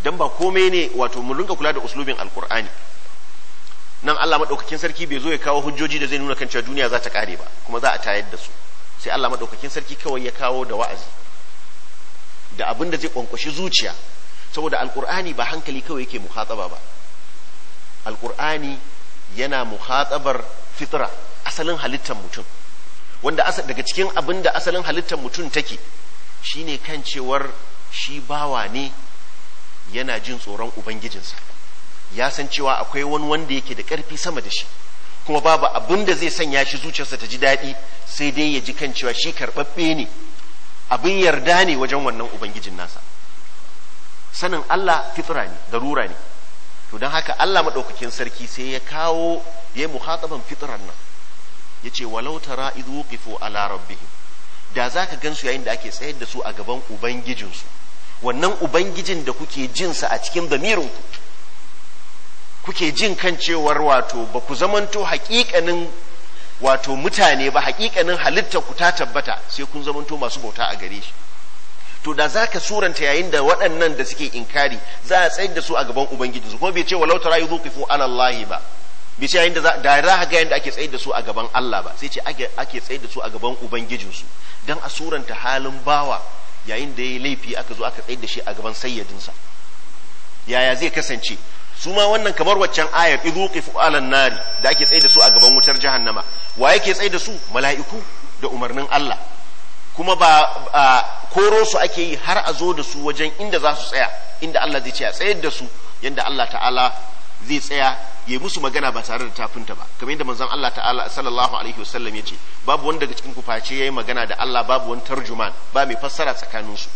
don ba komai ne wato mu rinka kula da uslubin alkur'ani nan Allah maɗaukakin sarki bai zo ya kawo hujjoji da zai nuna kan cewa duniya za ta ƙare ba kuma za a tayar da su sai Allah maɗaukakin sarki kawai ya kawo da wa'azi da abin da zai kwankwashi zuciya saboda alkur'ani ba hankali kawai yake muhataba ba alkur'ani yana muhatsabar fitra asalin halittar mutum wanda daga cikin abin da asalin halittar mutum take shine kan cewar shi bawa ne yana jin tsoron ubangijinsa ya san cewa akwai wani wanda yake da ƙarfi sama da shi kuma babu abin da zai sanya shi zuciyarsa ta ji daɗi sai dai ya ji kan cewa shi karɓaɓɓe ne abin yarda ne wajen wannan ubangijin nasa sanin Allah fitura ne darura ne to don haka Allah maɗaukakin sarki sai ya kawo ya yi muhataban fitran nan ya ce walau tara idhu kifo ala rabbihim da za ka gansu yayin da ake tsayar da su a gaban ubangijinsu wannan ubangijin da kuke jinsa a cikin zamirinku kuke jin kan cewar wato ba ku zamanto haƙiƙanin wato mutane ba hakikanin halitta ku ta tabbata sai kun zamanto masu bauta a gare shi to da za ka suranta yayin da waɗannan da suke inkari za a tsayar da su a gaban ubangiji su kuma bai ce walau tara yuzuqifu ala allahi ba bai ce yayin da za da za ga yadda ake tsayar da su a gaban Allah ba sai ce ake tsayar da su a gaban ubangijin su dan a suranta halin bawa yayin da ya yi laifi aka zo aka tsayar da shi a gaban sayyadinsa yaya zai kasance su ma wannan kamar waccan ayar idu qifu alan nari da ake tsaye da su a gaban wutar jahannama wa yake tsaye da su mala'iku da umarnin Allah kuma ba koro su ake yi har a zo da su wajen inda za su tsaya inda Allah zai ce a tsayar da su yanda Allah ta'ala zai tsaya ya musu magana ba tare da tafinta ba kamar yadda manzon Allah ta'ala sallallahu alaihi wasallam ya ce babu wanda daga cikin ku face yayi magana da Allah babu wani tarjuman ba mai fassara tsakanin su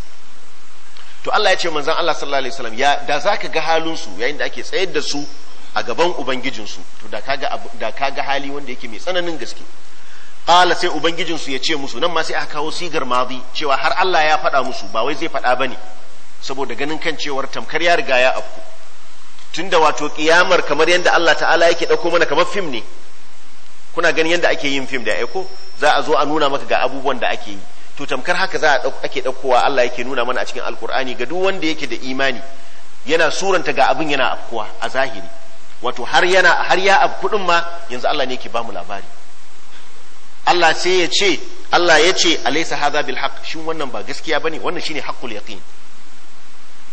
to Allah ya ce manzan Allah sallallahu alaihi wasallam ya da zaka ga halin yayin da ake tsayar da su a gaban ubangijinsu. to da kaga da kaga hali wanda yake mai tsananin gaske qala sai ubangijinsu ya ce musu nan ma sai aka kawo sigar madi cewa har Allah ya faɗa musu ba wai zai faɗa ba ne. saboda ganin kan cewar tamkar ya riga ya afku tunda wato ƙiyamar kamar yadda Allah ta'ala yake ɗauko mana kamar fim ne kuna ganin yadda ake yin fim da aiko za a zo a nuna maka ga abubuwan da ake yi to tamkar haka za a ake ɗaukowa Allah yake nuna mana a cikin alkur'ani ga duk wanda yake da imani yana suranta ga abin yana afkuwa a zahiri wato har yana har ya afku din ma yanzu Allah ne yake bamu labari Allah sai ya ce Allah ya ce alaysa hadha bil haqq shin wannan ba gaskiya bane wannan shine haqqul yaqin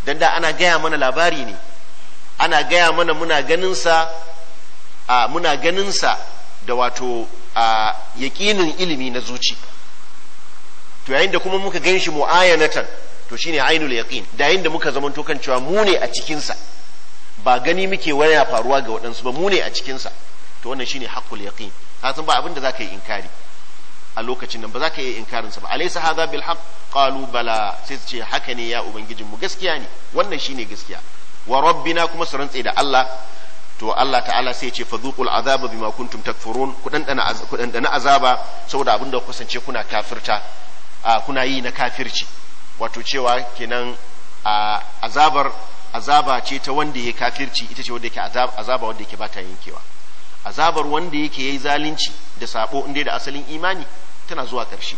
dan da ana gaya mana labari ne ana gaya mana muna ganin sa a muna ganin sa da wato a yaqinin ilimi na zuci to yayin da kuma muka gan shi mu'ayanatan to shine ainul yaqin da yayin da muka zamanto kan cewa mu ne a cikin sa ba gani muke waya faruwa ga waɗansu ba mu ne a cikin sa to wannan shine haqqul yaqin ka san ba abin da zaka yi inkari a lokacin nan ba zaka yi inkarin sa ba alaysa hadha bil haqq qalu bala sai ce haka ne ya ubangijin mu gaskiya ne wannan shine gaskiya wa rabbina kuma su rantse da Allah to Allah ta'ala sai ce fadhuqul azaba bima kuntum takfurun ku dandana azaba saboda abin da kusance kuna kafirta kuna yi na kafirci wato cewa kenan azabar azaba ce ta wanda ya kafirci ita ce wanda yake azaba wanda yake bata yankewa azabar wanda yake yayi zalunci da sabo inda da asalin imani tana zuwa ƙarshe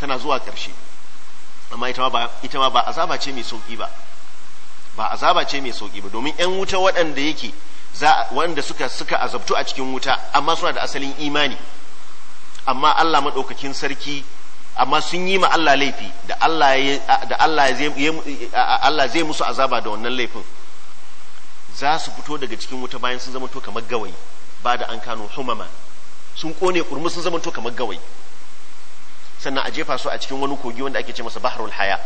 tana zuwa ƙarshe amma ita ma ba ita ma ba azaba ce mai sauki ba ba azaba ce mai sauki ba domin yan wuta waɗanda yake za wanda suka suka azabtu a cikin wuta amma suna da asalin imani amma Allah madaukakin sarki amma sun yi ma Allah laifi da Allah zai musu azaba da wannan laifin za su fito daga cikin wuta bayan sun to kamar gawayi ba da an kano humama sun kone kurmi sun to kamar gawayi sannan a jefa su a cikin wani kogi wanda ake ce masa baharul haya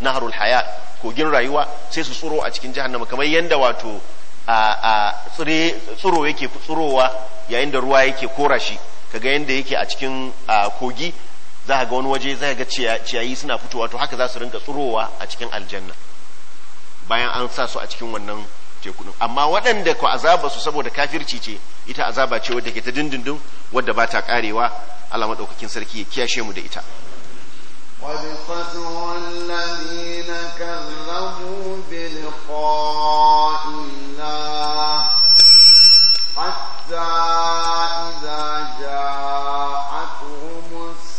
naharul haya kogin rayuwa sai su tsuro a cikin jahannama kamar yadda wato a tsiro yake tsurowa yayin da ruwa yake kora shi kaga yanda yake a cikin kogi za ga wani waje za ga ciyayi suna fitowa to haka za su rinka tsurowa a cikin aljanna bayan an sa su a cikin wannan teku amma waɗanda ku azaba su saboda kafirci ce ita azaba ce wadda ke ta dindindin wadda ba ta karewa Allah madaukakin sarki ya kiyashe mu da ita قد خسر الذين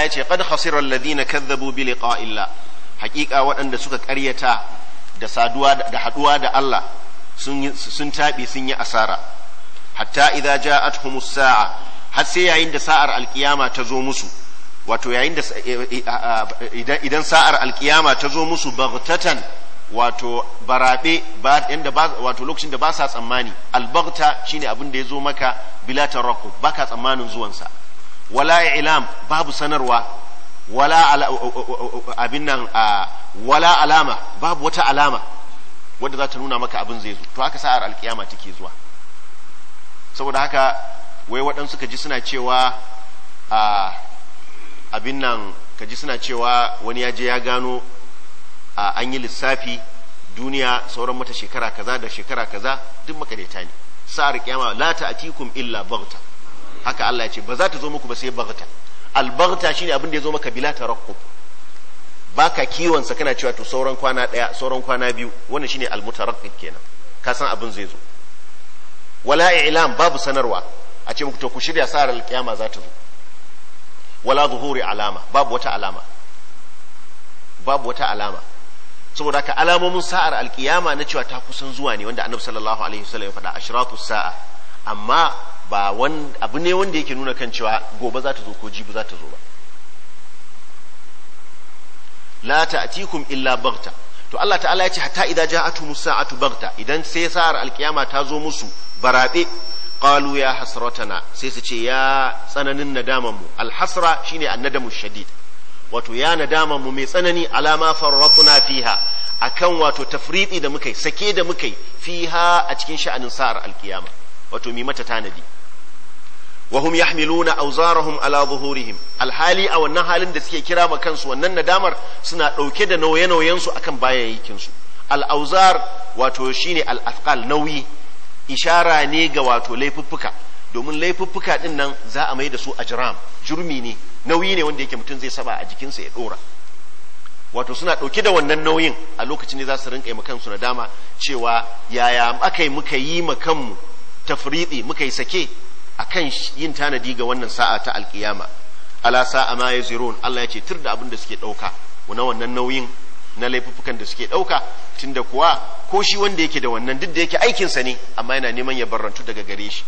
Allah ya ce qad khasira alladhina kadzabu bi liqa'illah hakika waɗanda suka ƙaryata da saduwa da haduwa da Allah sun sun tabi sun yi asara hatta idza ja'atuhum as-sa'a har sai yayin da sa'ar alkiyama ta zo musu wato yayin da e, e, idan sa'ar alkiyama ta zo musu baghtatan wato barabe ba ba wato lokacin da ba sa tsammani albagta shine abin da ya zo maka bila tarakku baka tsammanin zuwansa wala ilam babu sanarwa wala abin nan wala alama babu wata alama wadda za ta nuna maka abin zai zo to haka sa'ar alkiyama take zuwa saboda haka wai waɗansu ka ji suna cewa abin nan ka ji suna cewa wani ya je ya gano an yi lissafi duniya sauran mata shekara kaza da shekara kaza duk makareta ne sa'ar kiyama la ta'tikum illa baghta haka Allah ya ce ba za ta zo muku ba sai baghta al shine abin da ya zo maka bila tarakkub baka kiwon sa kana cewa to sauran kwana daya sauran kwana biyu wannan shine almutarakkib kenan ka san abin zai zo wala i'lam babu sanarwa a ce muku to ku shirya sa'ar al kiyama za ta zo wala zuhuri alama babu wata alama babu wata alama saboda ka alamomin sa'ar alkiyama na cewa ta kusan zuwa ne wanda annabi sallallahu alaihi wasallam ya faɗa ashratus sa'a amma ba abu ne wanda yake nuna kan cewa gobe za ta zo ko jibi za ta zo ba la ta'tikum illa baghta to Allah ta'ala ya ce hatta idza ja'atu musa'atu baghta idan sai sa'ar alkiyama ta zo musu barabe qalu ya hasratana sai su ce ya tsananin nadaman mu alhasra shine annadamu shadid wato ya nadaman mu mai tsanani alama farratuna fiha akan wato tafriti da yi sake da mukai fiha a cikin sha'anin sa'ar alkiyama wato mi mata tanadi wa hum yahmiluna awzarahum ala zuhurihim alhali a wannan halin da suke kira ma kansu wannan nadamar suna dauke da nauye-nauyen su akan bayayyakin su al-awzar wato shine al afqal nauyi ishara ne ga wato laifuffuka domin laifuffuka din nan za a mai da su ajram jurmi ne nauyi ne wanda yake mutum zai saba a jikinsa ya dora wato suna ɗauke da wannan nauyin a lokacin ne za su rinka yi kansu na dama cewa yaya aka muka yi ma kanmu tafriɗi muka yi sake a kan yin tanadi ga wannan sa'a ta alkiyama ala sa'a ma yazirun Allah ya ce tur da abin da suke ɗauka na wannan nauyin na laifuffukan da suke ɗauka tunda kuwa ko shi wanda yake da wannan duk da yake aikinsa ne amma yana neman ya barrantu daga gare shi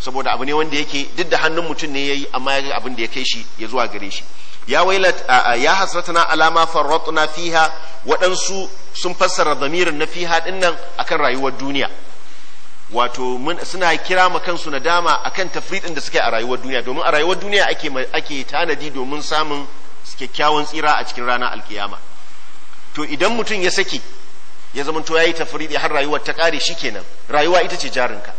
saboda abu ne wanda yake duk da hannun mutum ne ya yi amma ya abin da ya kai shi ya zuwa gare shi ya wailat ya hasratana alama farratna fiha waɗansu sun fassara zamirin na fiha a akan rayuwar duniya wato suna kira ma kansu nadama akan tafridin da suke a rayuwar duniya domin a rayuwar duniya ake ake tanadi domin samun kyakkyawan tsira a cikin ranar alkiyama to idan mutum ya saki ya zama to yayi tafridi har rayuwar ta kare shikenan rayuwa ita ce jarinka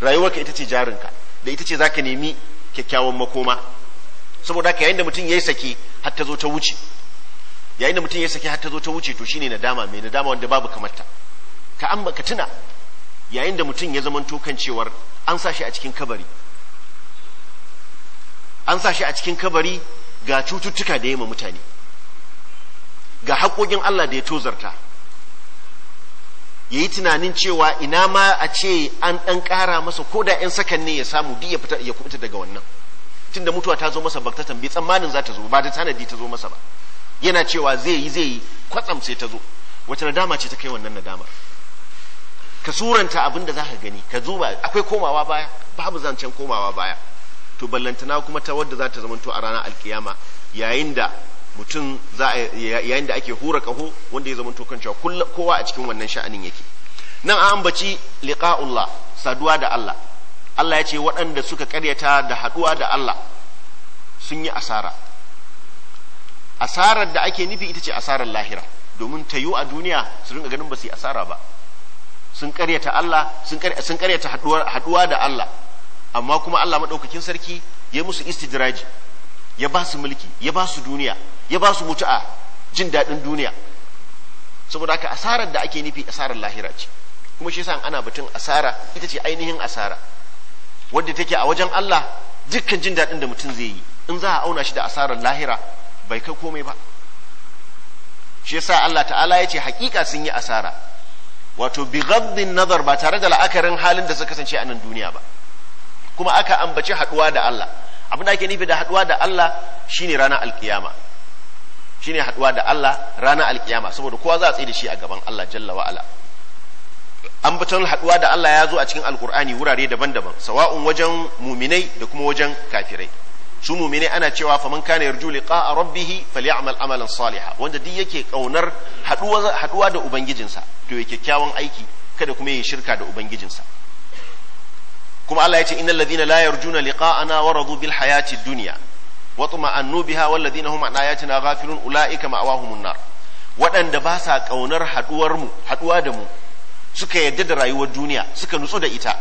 ka ita ce jarinka da ita ce zaka nemi kyakkyawan makoma saboda haka yayin da mutum yayi saki har ta zo ta wuce yayin da mutum ya saki har ta zo ta wuce to shine nadama mai nadama wanda babu ta ka an ka tuna yayin da mutum ya zama tokan cewar an sa shi a cikin kabari an sa a cikin kabari ga cututtuka da ya mutane ga haƙoƙin Allah da ya tozarta ya yi tunanin cewa ina ma a ce an ɗan ƙara masa ko da 'yan sakan ne ya samu duk ya fita ya daga wannan da mutuwa ta zo masa ta tambaye tsammanin za ta zo ba da tanadi ta zo masa ba yana cewa zai yi zai yi kwatsam sai ta zo wace nadama ce ta kai wannan nadamar ka suranta abin da za ka gani ka zuba akwai komawa baya babu zancen komawa baya to ballantana kuma ta wadda za ta zamanto a ranar alkiyama yayin da mutum za yayin da ake hura kaho wanda ya to kan cewa kowa a cikin wannan sha'anin yake nan an ambaci liqa'ullah saduwa da Allah Allah ya ce waɗanda suka karyata da haɗuwa da Allah sun yi asara asarar da ake nufi ita ce asarar lahira domin ta yiwu a duniya su rinka ganin ba su yi asara ba sun karyata Allah sun karyata haduwa da Allah amma kuma Allah maɗaukakin sarki ya musu istidraji ya ba su mulki ya ba su duniya ya ba su mutu'a jin daɗin duniya saboda haka asarar da ake nufi asarar lahira ce kuma shi yasa ana batun asara ita ce ainihin asara wadda take a wajen Allah dukkan jin daɗin da mutum zai yi in za a auna shi da asarar lahira bai kai komai ba shi yasa Allah ta'ala ya ce hakika sun yi asara wato bi ghaddin nazar ba tare da la'akarin halin da suka kasance a nan duniya ba kuma aka ambaci haduwa da Allah abin da ake nufi da haduwa da Allah shine ranar alkiyama shine haduwa da Allah ranar alkiyama saboda kowa za a tsaye da shi a gaban Allah jalla wa ala ambaton haduwa da Allah ya zo a cikin alkur'ani wurare daban-daban sawa'un wajen muminai da kuma wajen kafirai su mumine ana cewa faman kana yarju liqa'a rabbih falyamal amalan salihan wanda duk yake kaunar haduwa haduwa da ubangijinsa to yake kyakkyawan aiki kada kuma yayi shirka da ubangijinsa kuma Allah ya ce innal ladina la yarjuna liqa'ana wa radu bil hayati dunya wa tuma'annu biha wal ladina hum an ayatina ghafilun ulaika ma'awahumun nar waɗanda ba sa kaunar haduwar mu haduwa da mu suka yadda da rayuwar duniya suka nutsu da ita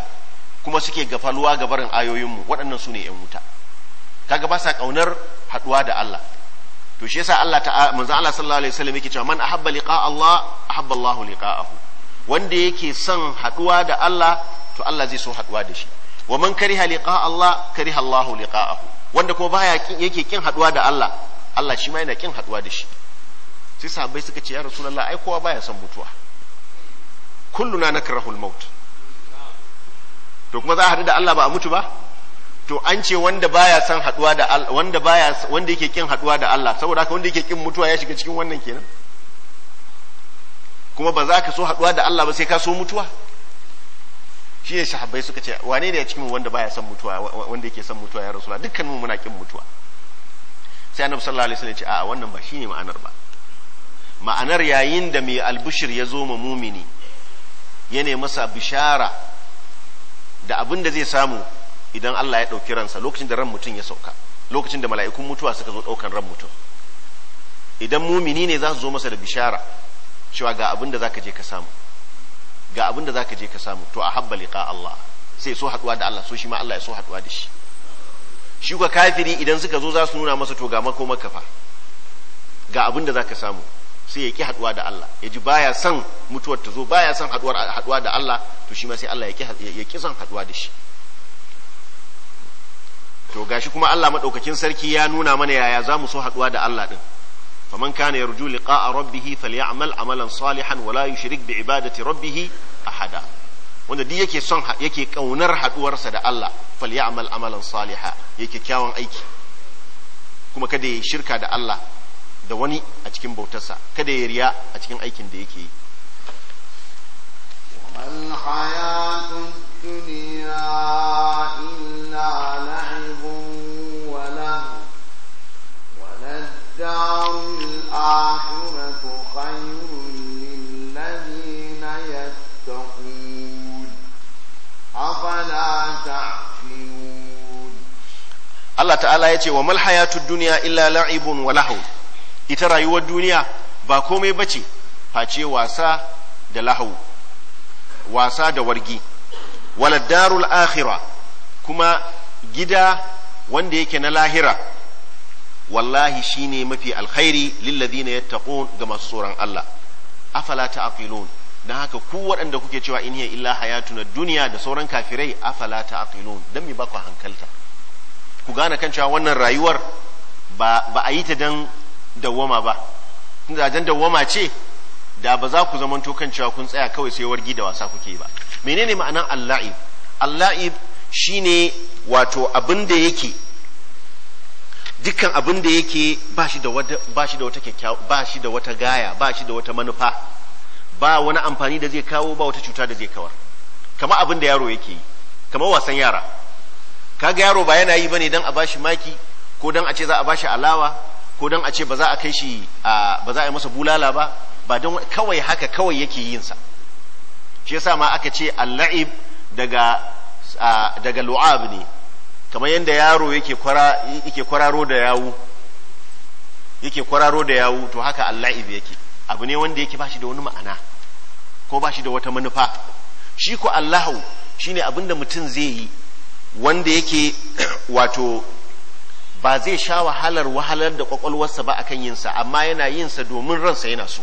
kuma suke gafaluwa ga barin ayoyinmu waɗannan su ne 'yan wuta kaga ba sa kaunar haduwa da Allah to shi yasa Allah ta manzo Allah sallallahu alaihi wasallam yake cewa man ahabba liqa Allah ahabba Allah liqa'ahu wanda yake son haduwa da Allah to Allah zai so haduwa da shi wa man kariha liqa Allah kariha Allah liqa'ahu wanda kuma baya yake kin haduwa da Allah Allah shi ma yana kin haduwa da shi sai sahabbai suka ce ya rasulullah ai kowa baya son mutuwa kulluna nakrahu al-maut to kuma za a hadu da Allah ba a mutu ba to an ce wanda baya son haduwa da Allah wanda baya wanda yake kin haduwa da Allah saboda haka wanda yake kin mutuwa ya shiga cikin wannan kenan kuma ba za ka so haduwa da Allah ba sai ka so mutuwa shi ne sahabbai suka ce wane ne a cikin wanda baya son mutuwa wanda yake son mutuwa ya rasula dukkan mu muna kin mutuwa sai annabi sallallahu alaihi wasallam ya ce a'a wannan ba shine ma'anar ba ma'anar yayin da mai albushir ya zo ma mumini ya masa bishara da abin da zai samu idan Allah ya ɗauki ransa lokacin da ran mutum ya sauka lokacin da mala'ikun mutuwa suka zo ɗaukan ran mutum idan mumini ne za su zo masa da bishara cewa ga abin da zaka je ka samu ga abin da zaka je ka samu to a habba liqa Allah sai so haduwa da Allah so shi ma Allah ya so haduwa da shi shi ka kafiri idan suka zo za su nuna masa to ga mako makafa ga abin da zaka samu sai ya ki haduwa da Allah ya ji baya son mutuwar ta zo baya son haduwa da Allah to shi ma sai Allah ya ki son haduwa da shi to gashi kuma Allah maɗaukakin sarki ya nuna mana yaya za mu so haɗuwa da Allah ɗin faman kana yarju a rabbihi falyamal amalan salihan wala shirik bi ibadati rabbih ahada wanda duk yake son yake ƙaunar haɗuwarsa da Allah falyamal amalan saliha yake kyawun aiki kuma kada ya shirka da Allah da wani a cikin bautarsa kada ya riya a cikin aikin da yake yi الدنيا إلا لعب ولهو وللدار الآخرة خير للذين يتقون أفلا تعقلون الله تعالى يتي وما الحياة الدنيا إلا لعب ita rayuwar duniya ba komai bace face wasa da lahu wasa da wargi Waladdarul akhira kuma gida wanda yake na lahira wallahi shine mafi alkhairi na yattaqun ga masu tsoron Allah afala ta'qilun dan haka ku waɗanda kuke cewa in hiya illa hayatuna duniya da sauran kafirai afala ta'qilun dan don ba ku hankalta ku gane kan cewa wannan rayuwar ba ba a yi ta dan dawwama ba tunda dan dawwama ce da ba za ku zamanto kan cewa kun tsaya kawai sai wargi da wasa kuke ba menene ma'anan alla'ib alla'ib shine wato abin da yake dukkan abin da yake ba shi da wata ba da wata ba shi da wata gaya ba shi da wata manufa ba wani amfani da zai kawo ba wata cuta da zai kawar kamar abin da yaro yake yi kamar wasan yara kaga yaro ba yana yi bane dan a bashi maki ko dan a ce za a bashi alawa ko dan a ce ba za a kai shi ba za a yi masa bulala ba ba don kawai haka kawai yake yin sa shi yasa ma aka ce al-la'ib daga daga lu'ab ne kamar yadda yaro yake kwara yake kwararo da yawo yake kwararo da yawo to haka al-la'ib yake abu ne wanda yake bashi da wani ma'ana ko bashi da wata manufa shi ko Allahu shine abinda mutum zai yi wanda yake [coughs] wato ba zai sha wahalar wahalar da kwakwalwarsa ba akan yinsa amma yana yinsa domin ransa yana so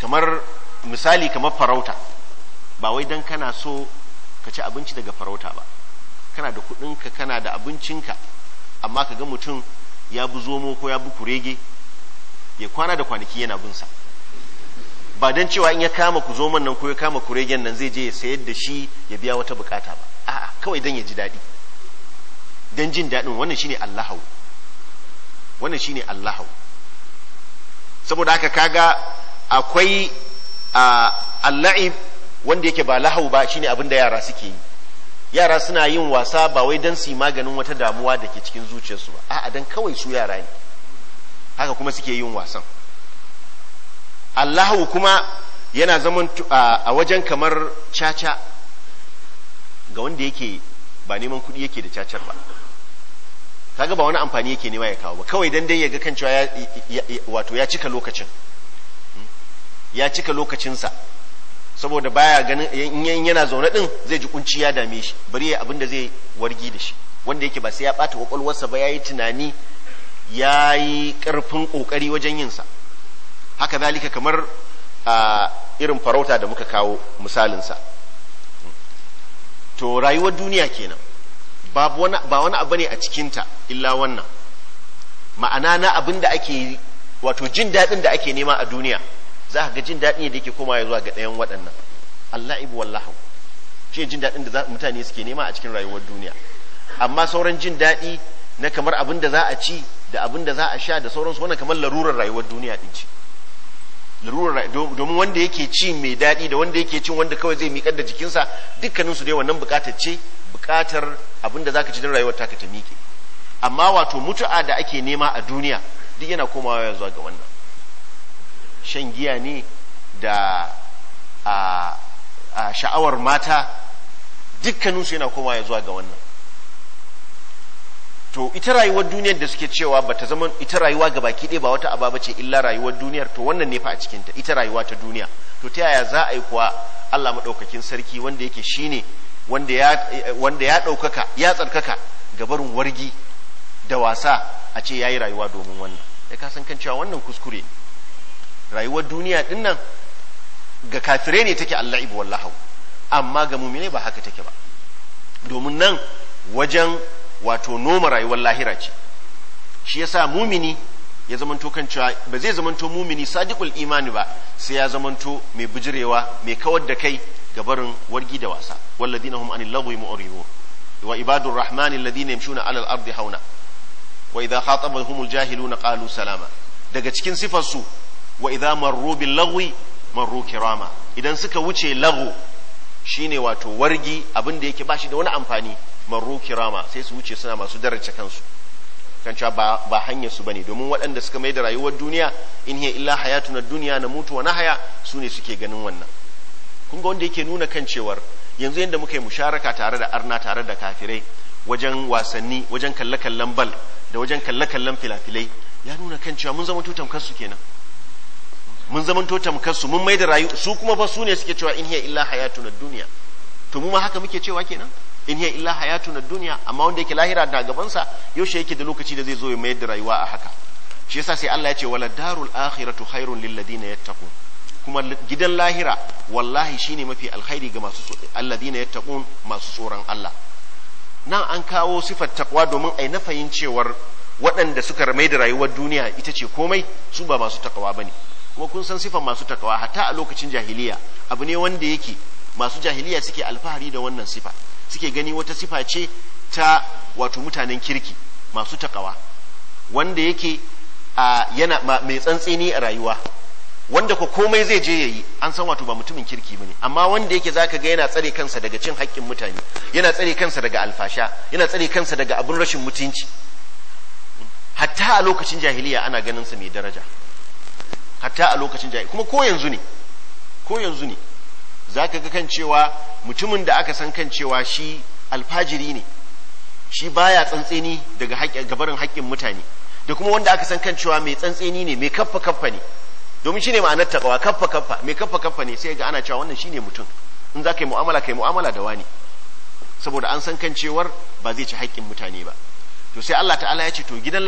kamar misali kamar farauta ba wai don kana so ka ci abinci daga farauta ba kana da kudinka kana da abincinka amma ka ga mutum ya bi zomo ko ya bi kurege ya kwana da kwanaki yana bin ba don cewa in ya kama ku zoman nan ko ya kama kuregen nan zai je ya sayar da shi ya biya wata bukata ba a'a kawai don ya ji daɗi don jin daɗin wannan shine allahau wannan shine allahau saboda haka kaga akwai al-la'ib wanda yake ba lahau ba shine abin da yara suke yi yara suna yin wasa ba wai dan su maganin wata damuwa da ke cikin zuciyarsu ba a'a dan kawai su yara ne haka kuma suke yin wasan allahu kuma yana zaman a wajen kamar caca ga wanda yake ba neman kuɗi yake da cacar ba kaga ba wani amfani yake nema ya kawo ba kawai dan dai ya ga kan cewa wato ya cika lokacin ya cika lokacinsa saboda baya ganin in yana zaune din zai ji kunci ya dame shi bari ya abin da zai wargi da shi wanda yake ba sai ya bata kwakwalwarsa ba yayi tunani yayi karfin kokari wajen yin sa haka zalika kamar a irin farauta da muka kawo misalin sa to rayuwar duniya kenan babu wani ba wani abu ne a cikin ta illa wannan ma'ana na abin ake wato jin dadin da ake nema a duniya za ka ga jin daɗin da yake komawa zuwa ga ɗayan waɗannan Allah ibu wallahu shi jin daɗin da mutane suke nema a cikin rayuwar duniya amma sauran jin daɗi na kamar abin da za a ci da abin da za a sha da sauransu wannan kamar larurar rayuwar duniya din ce larurar domin wanda yake ci mai daɗi da wanda yake cin wanda kawai zai miƙar da jikinsa dukkaninsu dai wannan bukata ce buƙatar abin da za ka ci don rayuwar taka ta miƙe amma wato mutu'a da ake nema a duniya duk yana komawa zuwa ga wannan shan giya ne da a, sha'awar mata dukkaninsu yana komawa zuwa ga wannan to ita rayuwar duniyar da suke cewa ba ta zama ita rayuwa ga baki ɗaya ba wata aba ba ce illa rayuwar duniyar to wannan ne fa a cikinta ita rayuwa ta duniya to ta yaya za a yi kuwa Allah maɗaukakin sarki wanda yake shine wanda ya wanda ya ɗaukaka ya tsarkaka gabarin wargi da wasa a ce yayi rayuwa domin wannan ya san kan cewa wannan kuskure rayuwar duniya din nan ga kafirai ne take Allah ibu wallahu amma ga mumine ba haka take ba domin nan wajen wato noma rayuwar lahira ce shi yasa mumini ya zamanto kan cewa ba zai zamanto mumini sadiqul imani ba sai ya zamanto mai bijirewa mai kawar da kai ga barin wargi da wasa walladina hum anil lagwi mu'ridun wa ibadur rahman alladhina yamshuna alal ardi hauna wa idha khatabahumul jahiluna qalu salama daga cikin sifar su wa idza marru bil lagwi marru kirama idan suka wuce lagu shine wato wargi abin da yake bashi da wani amfani marru kirama sai su wuce suna masu daraja kansu kan cewa ba ba hanyar su bane domin waɗanda suka mai da rayuwar duniya in hiya illa hayatuna duniya na mutu wa nahaya su ne suke ganin wannan kun ga wanda yake nuna kan cewar yanzu yadda muka yi musharaka tare da arna tare da kafirai wajen wasanni wajen kalle-kallen bal da wajen kalle-kallen filafilai ya nuna kan cewa mun zama tutan kansu kenan mun zamanto tamkar su mun mai da rayu su kuma fa su ne suke cewa in hiya illa hayatuna duniya to mu ma haka muke cewa kenan in hiya illa hayatuna duniya amma wanda yake lahira da gaban sa yaushe yake da lokaci da zai zo ya mayar da rayuwa a haka shi yasa sai Allah ya ce wala darul akhiratu khairun lil ladina yattaqun kuma gidan lahira wallahi shine mafi alkhairi ga masu alladina yattaqun masu tsoron Allah nan an kawo sifar takwa domin ai nafayin cewar waɗanda suka mai da rayuwar duniya ita ce komai su ba masu takawa bane kuma kun san sifan masu takawa hatta a lokacin jahiliya abu ne wanda yake masu jahiliya suke alfahari da wannan sifa suke gani wata sifa ce ta wato mutanen kirki masu takawa wanda yake a yana mai tsantseni a rayuwa wanda ko komai zai je yayi an san wato ba mutumin kirki bane amma wanda yake zaka ga yana tsare kansa daga cin haƙƙin mutane yana tsare kansa daga alfasha yana tsare kansa daga abin rashin mutunci hatta a lokacin jahiliya ana ganin sa mai daraja hatta a lokacin jahiliya kuma ko yanzu ne ko yanzu ne za ka ga kan cewa mutumin da aka san kan cewa shi alfajiri ne shi baya tsantseni daga gabarin haƙƙin mutane da kuma wanda aka san kan cewa mai tsantseni ne mai kaffa kaffa ne domin shi ne ma'anar taɓawa kaffa kaffa mai kaffa kaffa ne sai ga ana cewa wannan shi ne mutum in za ka yi mu'amala ka yi mu'amala da wani saboda an san kan cewar ba zai ci haƙƙin mutane ba to sai Allah ta'ala ya ce to gidan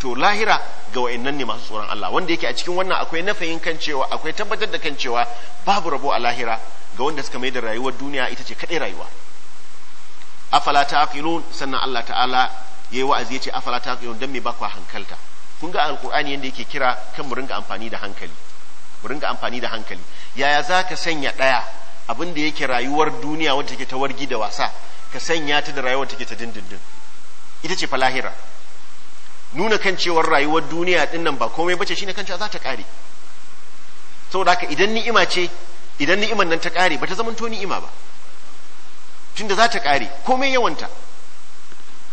to lahira ga wa'annan ne masu tsoron Allah wanda yake a cikin wannan akwai nafayin kan cewa akwai tabbatar da kan cewa babu rabo a lahira ga wanda suka mai da rayuwar duniya ita ce kadai rayuwa afala taqilun sannan Allah ta'ala yayi wa'azi ya ce afala taqilun dan me ba ku hankalta kun ga alqur'ani yanda yake kira kan mu ringa amfani da hankali mu ringa amfani da hankali yaya zaka sanya daya abin da yake rayuwar duniya wacce take ta wargi da wasa ka sanya ta da rayuwar take ta dindindin ita ce falahira nuna kan cewar rayuwar duniya din nan ba komai bace shine kan cewa za ta kare saboda haka idan ni'ima ce idan ni'iman nan ta kare ba ta to ni'ima ba tunda za ta kare komai yawanta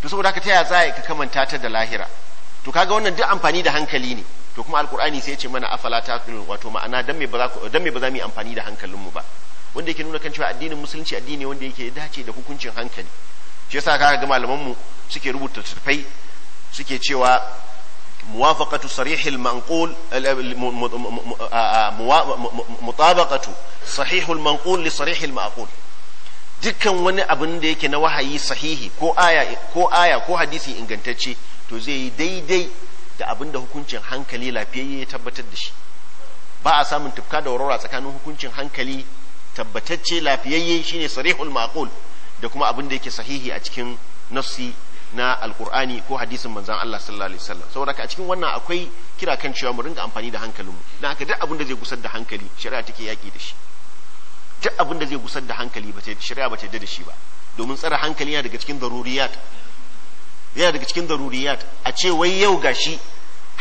to saboda haka taya za ka kamanta ta da lahira to kaga wannan duk amfani da hankali ne to kuma alkur'ani sai ya ce mana afala ta wato ma'ana dan me ba za dan me ba za mu yi amfani da hankalin mu ba wanda yake nuna kan cewa addinin musulunci addini wanda yake dace da hukuncin hankali shi yasa kaga ga malaman mu suke rubuta tafai suke cewa muwafaqatu sarihil manqul mutabaqatu sahihul manqul li sarihil ma'qul dukkan wani abin da yake na wahayi sahihi ko aya ko hadisi ingantacce to zai yi daidai da abin da hukuncin hankali lafiyayye ya tabbatar da shi ba a samun tufka da warwara tsakanin hukuncin hankali tabbatacce lafiyayye shine sarihul maqul da kuma abin da yake sahihi a cikin nassi na alkur'ani ko hadisin manzan Allah sallallahu alaihi wasallam saboda a cikin wannan akwai kira kan cewa mu ringa amfani da hankalinmu dan haka duk abin da zai gusar da hankali shari'a take yaki da shi duk abin da zai gusar da hankali ba shari'a ba ta da shi ba domin tsara hankali yana daga cikin daruriyat yana daga cikin daruriyat a ce wai yau gashi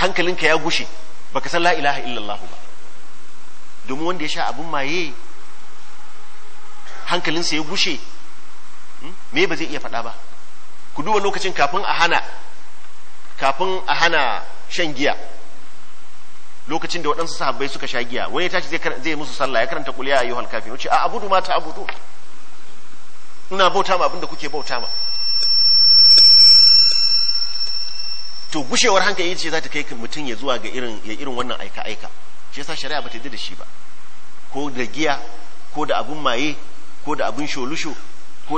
hankalinka ya gushe baka san la ilaha illallah ba domin wanda ya sha abun maye hankalinsa ya gushe hmm? me ba zai iya faɗa ba ku duba lokacin kafin a hana kafin a hana shan giya lokacin da waɗansu sahabbai suka sha giya wani tashi zai musu sallah ya karanta kuliya a yuhal kafin wuce a abudu ma ta abudu ina bauta ma abinda kuke bauta ma to gushewar hankali ce za ta kai mutum ya zuwa ga irin wannan aika aika shi yasa shari'a ba ta da shi ba ko da giya ko da abun maye ko da abun sholusho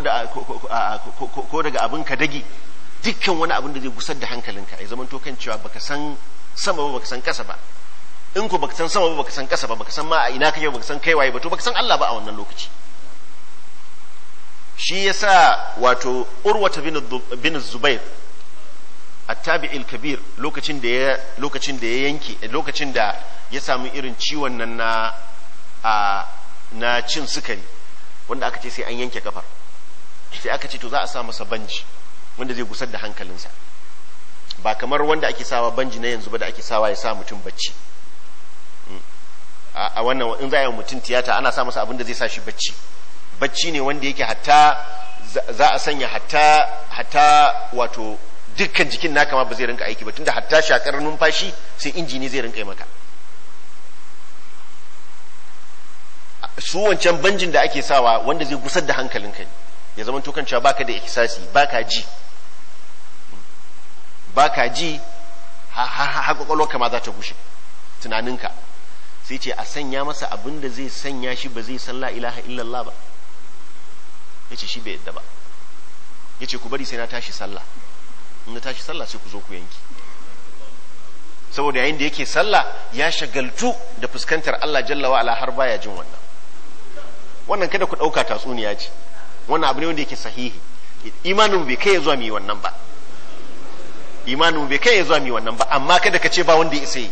Ah, ko daga abin ka dagi dukkan wani abin da zai gusar da hankalinka ya zamanto kan cewa baka san sama ba baka san kasa ba in ko baka san sama ba baka san kasa ba baka san ma a ina kake baka san kai waye ba to baka san Allah ba a wannan lokaci shi yasa wato urwata bin zubair al kabir lokacin da ya lokacin da ya yanke lokacin da ya samu irin ciwon nan na ah, na cin sukari wanda aka ce sai an yanke kafar sai aka ce to za a sa masa banji wanda zai gusar da hankalinsa ba kamar wanda ake sawa banji na yanzu ba da ake sawa ya sa mutum bacci hmm. a wannan in za a yi mutum tiyata ana sa masa abin da zai sa shi bacci bacci ne wanda yake hatta za a sanya hatta hatta wato dukkan jikin na kama ba zai rinka aiki ba tunda hatta shakar numfashi sai inji ne zai rinka yi maka su wancan banjin da ake sawa wanda zai gusar da hankalin kai ya zama tukan cewa baka da ihsasi baka ji baka ji ha ka ma za ta gushe tunaninka sai ce a sanya masa abin da zai sanya shi ba zai san la ilaha illallah ba ya ce shi bai yadda ba ya ce ku bari sai na tashi sallah in na tashi sallah sai ku zo ku yanki saboda yayin da yake sallah ya shagaltu da fuskantar Allah jalla wa ala har baya jin wannan wannan kada ku ɗauka tatsuniya ce wannan abu ne wanda yake sahihi imanin bai kai ya zuwa mai wannan ba imanin bai kai ya zuwa mai wannan ba amma kada ka ce ba wanda ya isa yi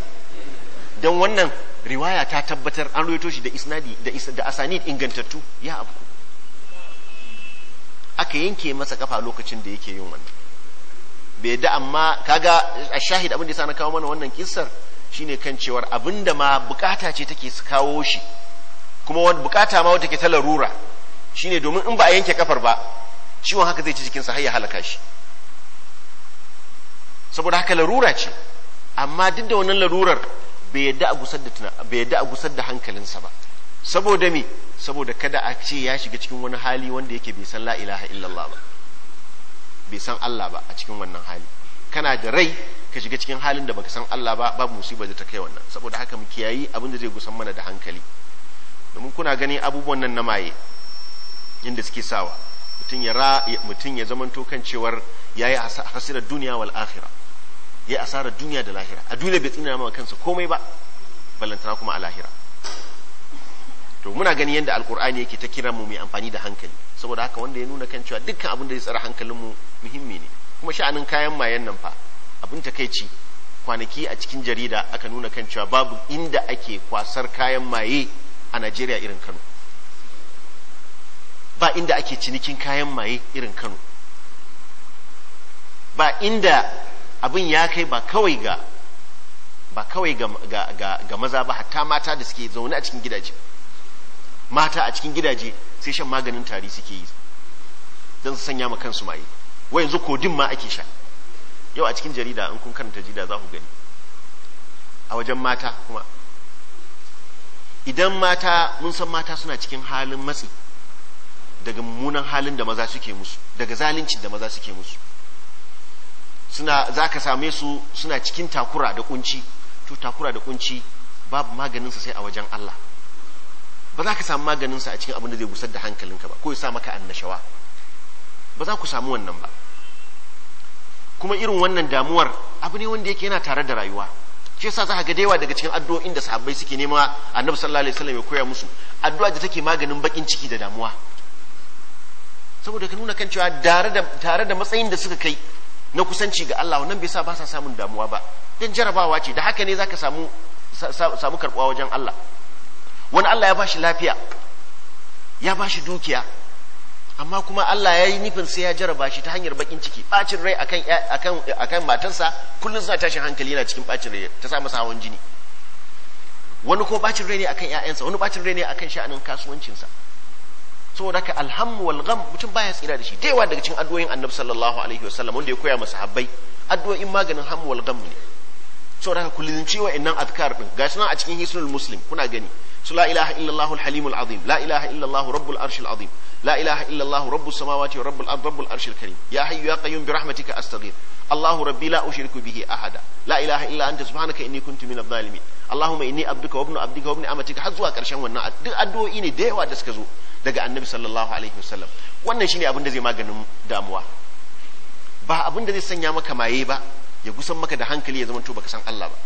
don wannan riwaya ta tabbatar an ruwaito shi da isnadi da asanid ingantattu ya abu aka yanke masa kafa lokacin da yake yin wannan bai da amma kaga a shahid abin da yasa na kawo mana wannan kissar shine kan cewar abinda ma bukata ce take kawo shi kuma wani bukata ma wata ke talarura. shine domin in ba a yanke kafar ba ciwon haka zai ci sa har ya halaka shi saboda haka larura ce amma duk da wannan larurar bai yadda a gusar da bai yadda a gusar da hankalinsa ba saboda me saboda kada a ce ya shiga cikin wani hali wanda yake bai san la ilaha illallah ba bai san Allah ba a cikin wannan hali kana da rai ka shiga cikin halin da baka san Allah ba babu musibar da ta kai wannan saboda haka mu kiyayi abin da zai gusan mana da hankali domin kuna ganin abubuwan nan na maye inda suke sawa mutum ya ra mutum ya zamanto kan cewar yayi hasirar duniya wal akhirah yayi asarar duniya da lahira a duniya bai tsina ma kansa komai ba ballantana kuma a lahira to muna gani yadda alkur'ani yake ta kiran mu mai amfani da hankali saboda haka wanda ya nuna kan cewa dukkan abin da ya tsara hankalin mu muhimmi ne kuma sha'anin kayan mayan nan fa abin takeici kwanaki a cikin jarida aka nuna kan cewa babu inda ake kwasar kayan maye a Najeriya irin Kano ba inda ake cinikin kayan maye irin kano ba inda abin ya kai ba kawai ga ba kawai ga, ga, ga, ga maza ba hatta mata da suke zaune a cikin gidaje mata a cikin gidaje sai shan maganin tari suke yi don su sanya ma kansu maye wai yanzu kodin ma ake sha yau a cikin jarida in kun karanta jarida za ku gani a wajen mata kuma idan mata mun san mata suna cikin halin matsi daga mummunan halin da maza suke musu daga zalincin da maza suke musu suna za ka same su suna cikin takura da kunci to takura da kunci babu maganinsa sai a wajen Allah ba za ka samu maganinsa a cikin abin da zai gusar da hankalinka ba ko ya sa maka annashawa ba za ku samu wannan ba kuma irin wannan damuwar abu ne wanda yake yana tare da rayuwa shi yasa za ga daiwa daga cikin addu'o'in da sahabbai suke nema annabi sallallahu alaihi wasallam ya koya musu addu'a da take maganin bakin ciki da damuwa saboda ka nuna kan cewa tare da matsayin da suka kai na kusanci ga Allah wannan bai sa ba sa samun damuwa ba dan jarabawa ce da haka ne zaka samu samu karbuwa wajen Allah wani Allah ya bashi lafiya ya bashi dukiya amma kuma Allah ya yi nufin sai ya jaraba shi ta hanyar bakin ciki bacin rai akan akan akan matarsa kullun suna tashin hankali yana cikin bacin rai ta samu sawon jini wani ko bacin rai ne akan 'ya'yansa wani bacin rai ne akan sha'anin kasuwancinsa saboda haka alhammu wal gham mutum baya tsira da shi da yawa daga cikin addu'o'in annabi sallallahu alaihi wasallam wanda ya koya masa habbai addu'o'in maganin hammu wal gham ne saboda haka kullun cewa innan azkar din gashi nan a cikin hisnul muslim kuna gani su la ilaha illallah halimul azim la ilaha illallah rabbul arshil azim la ilaha illallah rabbus samawati wa rabbul ard rabbul arshil karim ya hayyu ya qayyum bi rahmatika astaghfir allah rabbi la ushriku bihi ahada la ilaha illa anta subhanaka inni kuntu minadh dhalimin Allahumma inni abduka wa ibnu abdika wa ibnu amatika har zuwa karshen wannan duk addu'o'i ne da yawa da suka zo daga annabi sallallahu alaihi wasallam wannan shine abin da zai maganin damuwa ba abin da zai sanya maka maye ba ya gusan maka da hankali ya zamanto baka san Allah ba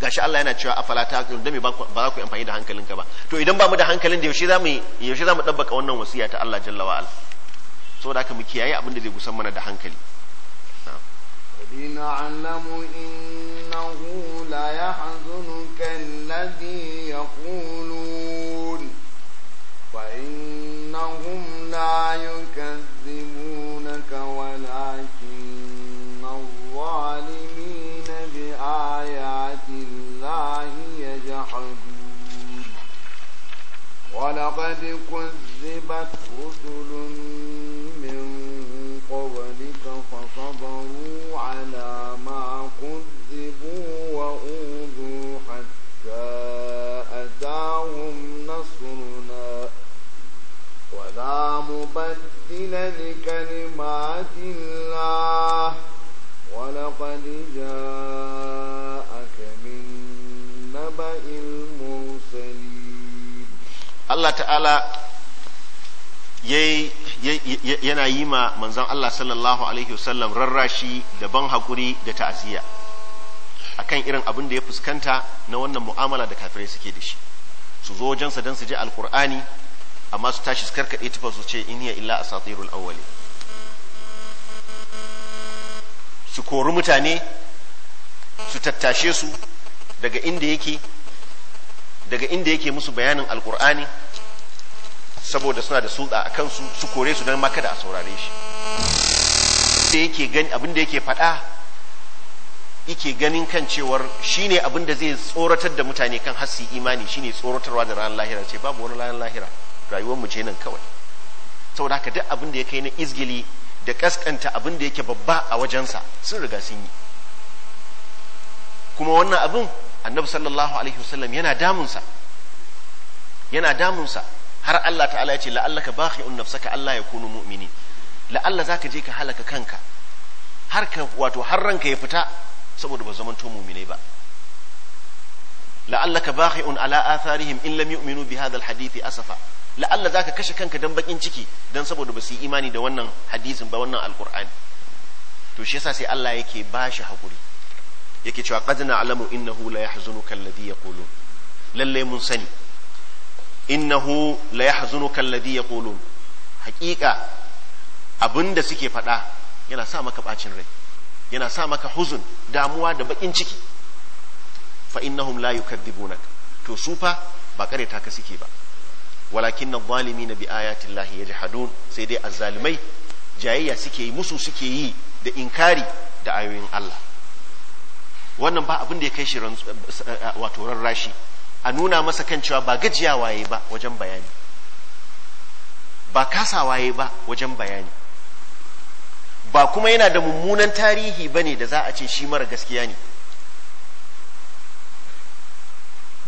gashi Allah yana cewa afala ta da me ba za ku amfani da hankalinka ba to idan ba mu da hankalin da yaushe mu yaushe mu dabbaka wannan wasiya ta Allah jalla wa ala saboda haka mu kiyaye abin da zai gusan mana da hankali na'am ليحزنك الذي يقولون فإنهم لا يكذبونك ولكن الظالمين بآيات الله يجحدون ولقد كذبت رسل من قبلك فصبروا على ما كذبوا وأوذوا حتى أتاهم نصرنا ولا مبدل لكلمات الله ولقد جاءك من نبأ المرسلين الله تعالى yayi yana yi ma manzon Allah sallallahu alaihi wasallam rarrashi da ban hakuri da ta'aziyya akan irin abin da ya fuskanta na wannan mu'amala da kafirai suke da shi su zo wajensa don su je alkur'ani amma su tashi su karkaɗe tufa su ce in hiya illa asatirul awwali su kori mutane su tattashe su daga inda yake daga inda yake musu bayanin alkur'ani saboda suna da sulɗa a kansu su kore su don makada a saurare shi abin da yake faɗa yake ganin kan cewar shine abin da zai tsoratar da mutane kan hasi imani shine tsoratarwa da ranar lahira ce babu wani ranar lahira rayuwar mu ce nan kawai saboda haka duk abin da ya kai na izgili da kaskanta abin da yake babba a wajensa sun riga sun yi kuma wannan abin annabi sallallahu alaihi wasallam yana damunsa yana damunsa har Allah ta'ala ya ce la'allaka bakhi'un nafsaka Allah ya kunu mu'mini la'alla zaka je ka halaka kanka har ka wato har ranka ya fita saboda ba zaman to mu'minai ba la'allaka bakhi'un ala atharihim in lam yu'minu bi hadha alhadith asafa la'alla zaka kashe kanka dan bakin ciki dan saboda ba su yi imani da wannan hadisin ba wannan alqur'ani to shi yasa sai Allah yake bashi hakuri yake cewa qad na'lamu innahu la yahzunuka alladhi yaqulun lalle mun sani innahu la yahzunuka alladhi yaqulun haqiqa abinda suke faɗa yana sa maka bacin rai yana sa maka huzun damuwa da bakin ciki fa innahum la yukadzibunak to su fa ba kareta ka suke ba walakin na na bi ayati llahi yajhadun sai dai azzalimai jayayya suke yi musu suke yi da inkari da ayoyin Allah wannan ba abin da ya kai shi eh, wato rarrashi a nuna masa kan cewa ba gajiya waye ba wajen bayani ba kasa waye ba wajen bayani ba kuma yana da mummunan tarihi ba ne da za a ce shi mara gaskiya ne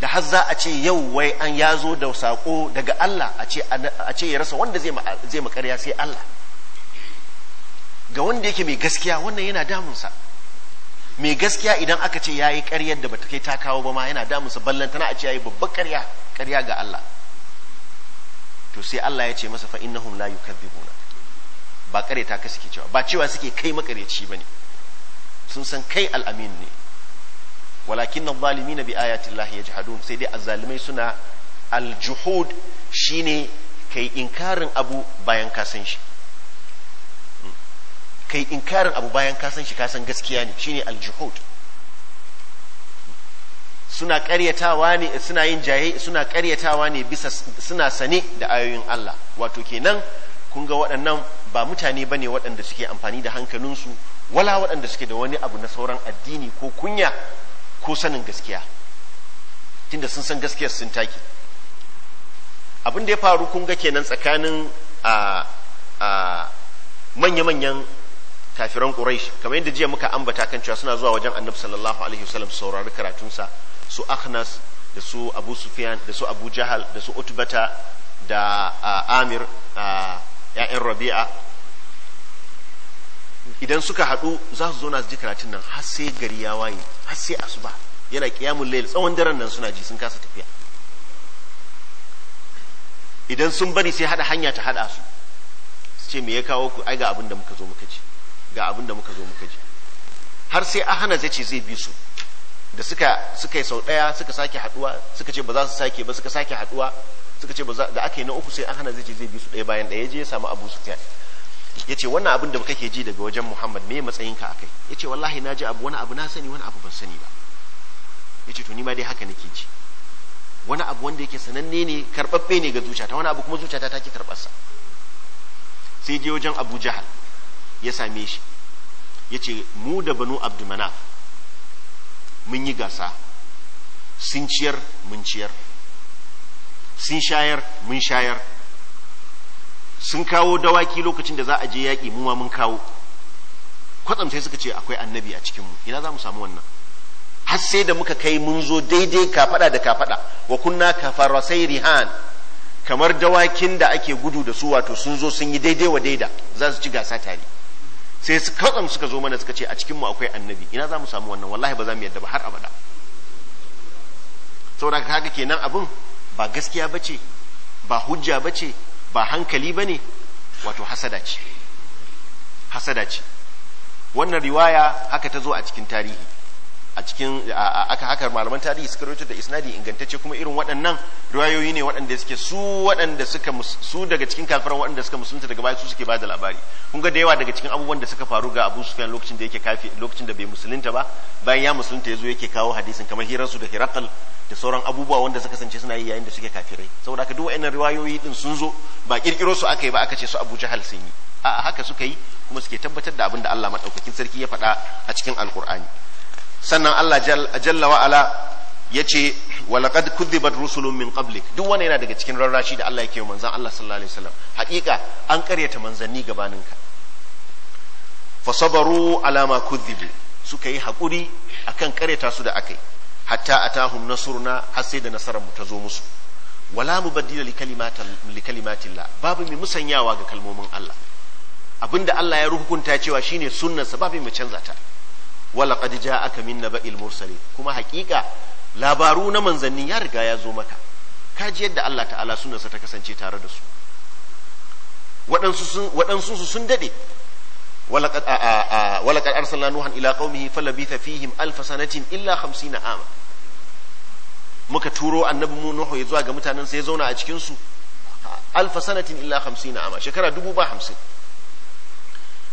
da har za a ce yau wai an ya da saƙo daga Allah a ce ya rasa wanda zai makarya sai Allah ga wanda yake mai gaskiya wannan yana damunsa mai gaskiya idan aka ce ya yi ƙaryar da bata kai ta kawo ba ma yana damunsa ballan tana a ce ya yi babbar ƙarya ƙarya ga Allah to sai Allah ya ce masa fa innahum la na. ba kareta ka suke cewa ba cewa suke kai makareci ba ne sun san kai al'amin ne walakin na zalimi na bi ayatin lahi ya jihadun sai dai azalimai suna aljuhud shine kai inkarin abu bayan ka san shi hmm. kai inkarin abu bayan ka san shi ka san gaskiya ne shine aljuhud suna karyatawa ne suna yin jaye suna karyatawa ne bisa suna sane da ayoyin Allah wato kenan kun ga waɗannan ba mutane ba ne waɗanda suke amfani da hankalinsu wala waɗanda suke da wani abu na sauran addini ko kunya ko sanin gaskiya tunda sun san gaskiyar sun take abin da ya faru kun ga kenan tsakanin a manya-manyan kafiran quraish kamar yadda jiya muka ambata kan cewa suna zuwa wajen annabi sallallahu alaihi wasallam saurari karatunsa su akhnas da su abu sufyan da su abu jahal da su utbata da amir ya'yan rabi'a idan suka haɗu za su zauna su ji karatun nan har sai gari ya waye har sai asuba yana kiyamun lail tsawon daren nan suna ji sun kasa tafiya idan sun bari sai haɗa hanya ta haɗa su su ce me ya kawo ku ai ga abin da muka zo muka ji ga abin da muka zo muka ji har sai ahana zai ce zai bi su da suka suka yi sau daya suka sake haɗuwa suka ce ba za su sake ba suka sake haɗuwa suka ce da aka yi na uku sai ahana zai ce zai bi su daya bayan ya je ya samu abu su yace wannan abin da kake ji daga wajen Muhammad me matsayinka akai yace wallahi na ji abu wani abu na sani wani abu ban sani ba yace to ni ma dai haka nake ji wani abu wanda yake sananne ne karbabbe ne ga zuciyata wani abu kuma zuciyata take karbarsa sai je wajen Abu Jahal ya same shi yace mu da Banu Abdumanaf mun yi gasa sun ciyar mun ciyar sun shayar mun shayar sun kawo dawaki lokacin da za a je yaƙi mu ma mun kawo kwatsam sai suka ce akwai annabi a cikinmu ina za mu samu wannan har sai da muka kai mun zo daidai kafada da kafada wa kunna kafarasai rihan kamar dawakin da ake gudu da su wato sun zo sun yi daidai wa daida za su ci gasa tare sai su kwatsam suka zo mana suka ce a cikinmu akwai annabi ina za mu samu wannan wallahi ba za mu yadda ba har abada saboda kaga kenan abin ba gaskiya bace ba hujja bace ba hankali ba ne wato hasada ce hasada ce wannan riwaya haka ta zo a cikin tarihi a cikin aka haka malaman tarihi suka rawaito da isnadi ingantacce kuma irin waɗannan riwayoyi ne waɗanda suke su waɗanda suka su daga cikin kafiran waɗanda suka musulunta daga baya su suke bada labari kun ga da yawa daga cikin abubuwan da suka faru ga Abu Sufyan lokacin da yake kafi lokacin da bai musulunta ba bayan ya musulunta yazo yake kawo hadisin kamar hirar su da Hirakal da sauran abubuwa wanda suka kasance suna yi yayin da suke kafirai saboda haka duk waɗannan riwayoyi din sun zo ba kirkiro su aka yi ba aka ce su Abu Jahal sun yi a haka suka yi kuma suke tabbatar da abin da Allah madaukakin sarki ya faɗa a cikin Alkur'ani sannan Allah jalla wa ala yace walaqad kudhibat rusulun min qablik duk wani yana daga cikin rarrashi da Allah yake manzan Allah sallallahu alaihi wasallam haƙiƙa an ƙaryata manzanni gabaninka fasabaru ala ma kudhibu suka yi haƙuri akan ƙaryata su da yi hatta a atahum nasruna har sai da nasarar mu ta zo musu wala mubaddila li kalimatillah babu mai musanyawa ga kalmomin Allah abinda Allah ya hukunta cewa shine sunnarsa babu mai canza ta wala qad ja'aka min naba'il mursalin kuma hakika labaru na manzanni ya riga ya zo maka ka ji yadda Allah ta'ala sunansa ta kasance tare da su waɗansu sun daɗe walaƙar arsala nuhan ila qaumihi falabitha fihim alf illa 50 muka turo annabi mu nuhu ya zuwa ga mutanen sai ya zauna a cikin su sanatin illa 50 ama shekara dubu ba hamsin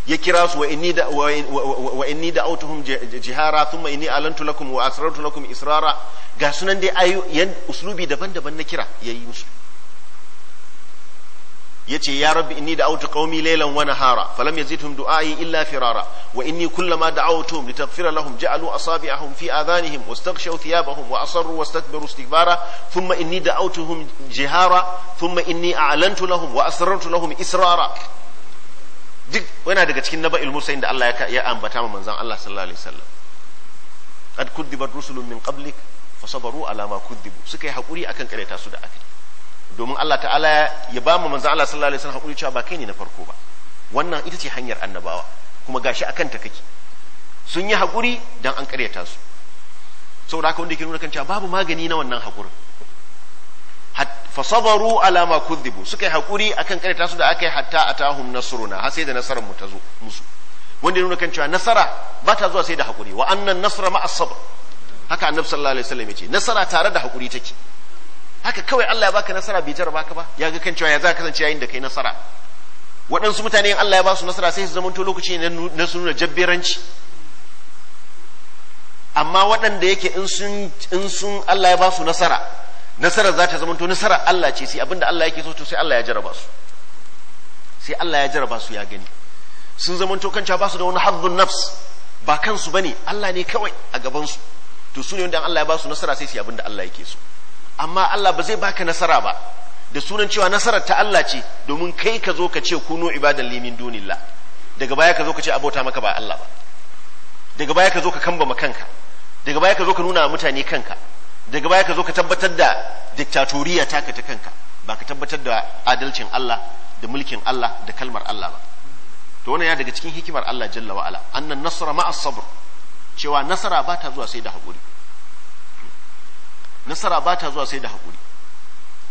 ya kira su wa inni da wa inni da autuhum jihara thumma inni alantu lakum wa asrartu lakum israra ga sunan dai ayu yan uslubi daban-daban na kira yayi musu yace ya rabbi inni da autu qaumi laylan wa nahara falam yazidhum du'ai illa firara wa inni kullama da'awtuhum litaghfira lahum ja'alu asabi'ahum fi adhanihim wastaghshaw thiyabahum wa asarru wastakbaru istikbara thumma inni da'awtuhum jihara thumma inni a'lantu lahum wa asrartu lahum israra duk yana daga cikin naba'il mursalin da Allah ya ambata ma manzon Allah sallallahu alaihi wasallam qad kudibat rusulun min qablik sabaru ala ma kudibu suka yi hakuri akan kareta su da aka domin Allah ta'ala ya ba mu manzon Allah sallallahu alaihi wasallam hakuri cewa ba kai ne na farko ba wannan ita ce hanyar annabawa kuma gashi akan ta kake sun yi hakuri dan an kareta su saboda haka wanda yake nuna kan cewa babu magani na wannan hakurin fasabaru alama kudhibu suka yi hakuri akan karyata su da aka yi hatta atahum nasruna ha sai da nasarar mu ta zo musu wanda ya nuna kan cewa nasara ba ta zuwa sai da hakuri wa annan nasra ma sabr haka annabi sallallahu alaihi wasallam yace nasara tare da hakuri take haka kawai Allah ya baka nasara bai jarraba ka ba ya ga kan cewa ya za ka kasance yayin da kai nasara waɗansu mutane in Allah ya ba su nasara sai su to lokaci na su nuna jabberanci amma waɗanda yake in sun Allah ya ba su nasara nasarar za ta zama to nasarar Allah ce sai abinda Allah yake so to sai Allah ya jaraba su sai Allah ya jaraba su ya gani sun zama to kanta ba su da wani hazzun nafs ba kansu bane Allah ne kawai a gaban su to su ne wanda Allah ya ba su nasara sai su abinda Allah yake so amma Allah ba zai baka nasara ba da sunan cewa nasarar ta Allah ce domin kai ka zo ka ce kuno ibadan limin dunillah daga baya ka zo ka ce abota maka ba Allah ba daga baya ka zo ka kamba kanka daga baya ka zo ka nuna mutane kanka daga baya ka zo ka tabbatar da diktatoriya ta ta kanka ba ka tabbatar da adalcin Allah da mulkin Allah da kalmar Allah ba to wannan ya daga cikin hikimar Allah jalla wa annan nasara ma'a sabr cewa nasara ba ta zuwa sai da hakuri nasara ba ta zuwa sai da hakuri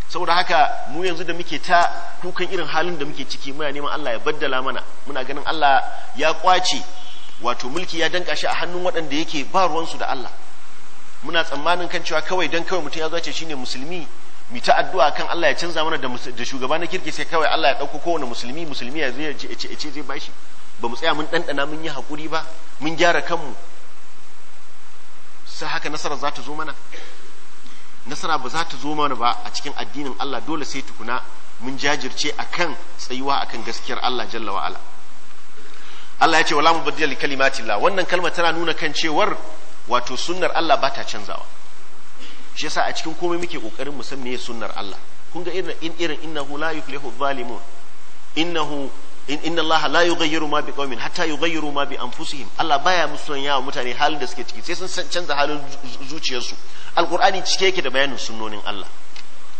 saboda haka mu yanzu da muke ta kukan irin halin da muke ciki muna neman Allah ya baddala mana muna ganin Allah ya kwace wato mulki ya danka shi a hannun waɗanda yake ba ruwansu da Allah muna tsammanin kan cewa kawai don kawai mutum ya zo ce ne musulmi mai ta addu'a kan Allah ya canza mana da shugaba na kirki sai kawai Allah ya ɗauko kowane musulmi musulmi ya zo ya ce zai bashi ba mu tsaya mun dandana mun yi hakuri ba mun gyara kanmu sai haka nasara za ta zo mana nasara ba za ta zo mana ba a cikin addinin Allah dole sai tukuna mun jajirce akan tsayuwa akan gaskiyar Allah jalla wa ala Allah ya ce wala mubaddila li kalimatillah wannan kalma tana nuna kan cewar wato sunnar Allah ba ta canzawa shi yasa a cikin komai muke kokarin mu san meye sunnar Allah kun ga irin in irin innahu la yuflihu zalimun innahu in inna Allah la yughayyiru ma bi qaumin hatta yughayyiru ma bi anfusihim Allah baya musanya wa mutane halin da suke ciki sai sun canza halin zuciyarsu alqur'ani cike yake da bayanin sunnonin Allah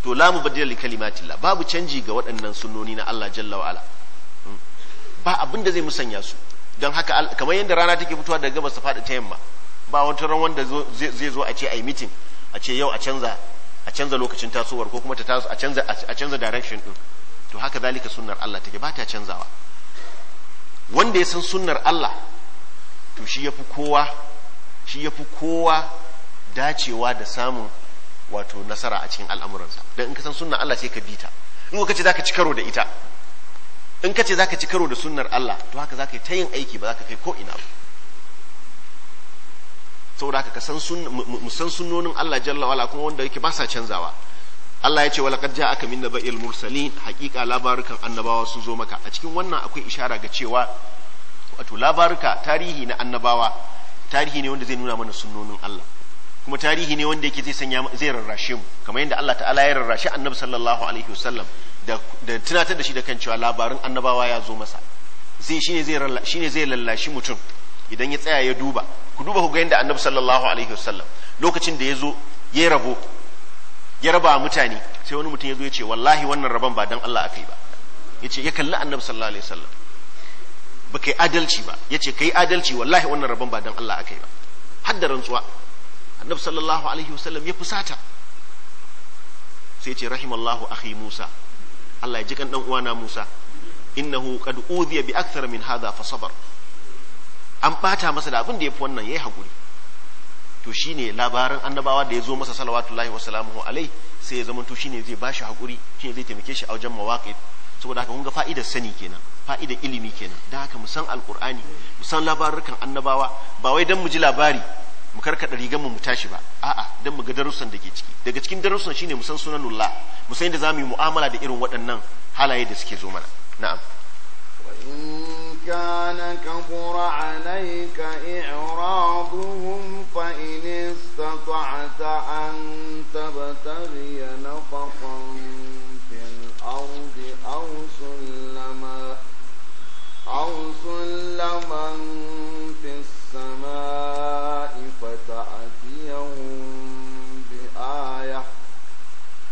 to la mubaddila li kalimatillah babu canji ga waɗannan sunnoni na Allah jalla wa ala hmm. ba abin zai musanya su don haka kamar yadda rana take fitowa daga gabas ta faɗi ta yamma ba wata ran wanda zai zo a ce a yi mitin a ce yau a canza a canza lokacin tasowar ko kuma ta taso a canza a canza direction din to haka zalika sunnar Allah take ba ta canzawa wanda ya san sunnar Allah to shi yafi kowa shi yafi kowa dacewa da samun wato nasara a cikin al'amuransa dan in ka san sunnar Allah sai ka bita in ka ce zaka ci karo da ita in ka ce zaka ci karo da sunnar Allah to haka zaka yi ta yin aiki ba zaka kai ko ina ba saboda haka san sun mu san sunnonin Allah jalla wala kuma wanda yake ba sa canzawa Allah ya ce wala qad ja'aka min naba'il mursalin haqiqa labarukan annabawa sun zo maka a cikin wannan akwai ishara ga cewa wato labaruka tarihi na annabawa tarihi ne wanda zai nuna mana sunnonin Allah kuma tarihi ne wanda yake zai sanya zai rarrashe mu kamar yadda Allah ta'ala ya rarrashe annabi sallallahu alaihi wasallam da tunatar da shi da kan cewa labarin annabawa ya zo masa zai shine zai shine zai lallashi mutum idan ya tsaya ya duba ku duba ku ga yadda annabi sallallahu alaihi wasallam lokacin da ya zo ya rabo ya raba mutane sai wani mutum ya zo ya ce wallahi wannan rabon ba dan Allah aka yi ba ya ce ya kalli annabi sallallahu alaihi wasallam ba kai adalci ba ya ce kai adalci wallahi wannan rabon ba dan Allah aka yi ba har da rantsuwa annabi sallallahu alaihi wasallam ya fusata sai ya ce rahimallahu akhi Musa Allah ya ji kan dan uwana Musa innahu qad udhiya bi akthar min hadha fa sabar an bata masa da abin da ya fi wannan ya yi hakuri to shine labarin annabawa da ya zo masa salawatullahi wa salamuhu alai sai ya zamanto shine zai ba shi hakuri ne zai taimake shi a wajen mawaƙi saboda haka kun ga fa'idar sani kenan fa'idar ilimi kenan da haka mu san alƙur'ani mu san labarukan annabawa ba wai dan mu ji labari mu karkaɗa rigar mu mu tashi ba a'a dan mu ga darussan da ke ciki daga cikin darussan shine mu san sunanullah mu san yadda zamu yi mu'amala da irin waɗannan halaye da suke zo mana na'am كان كبر عليك إعراضهم فإن استطعت أن تبتغي نفقا في الأرض أو سلما أو سلما في السماء فتأتيهم بآية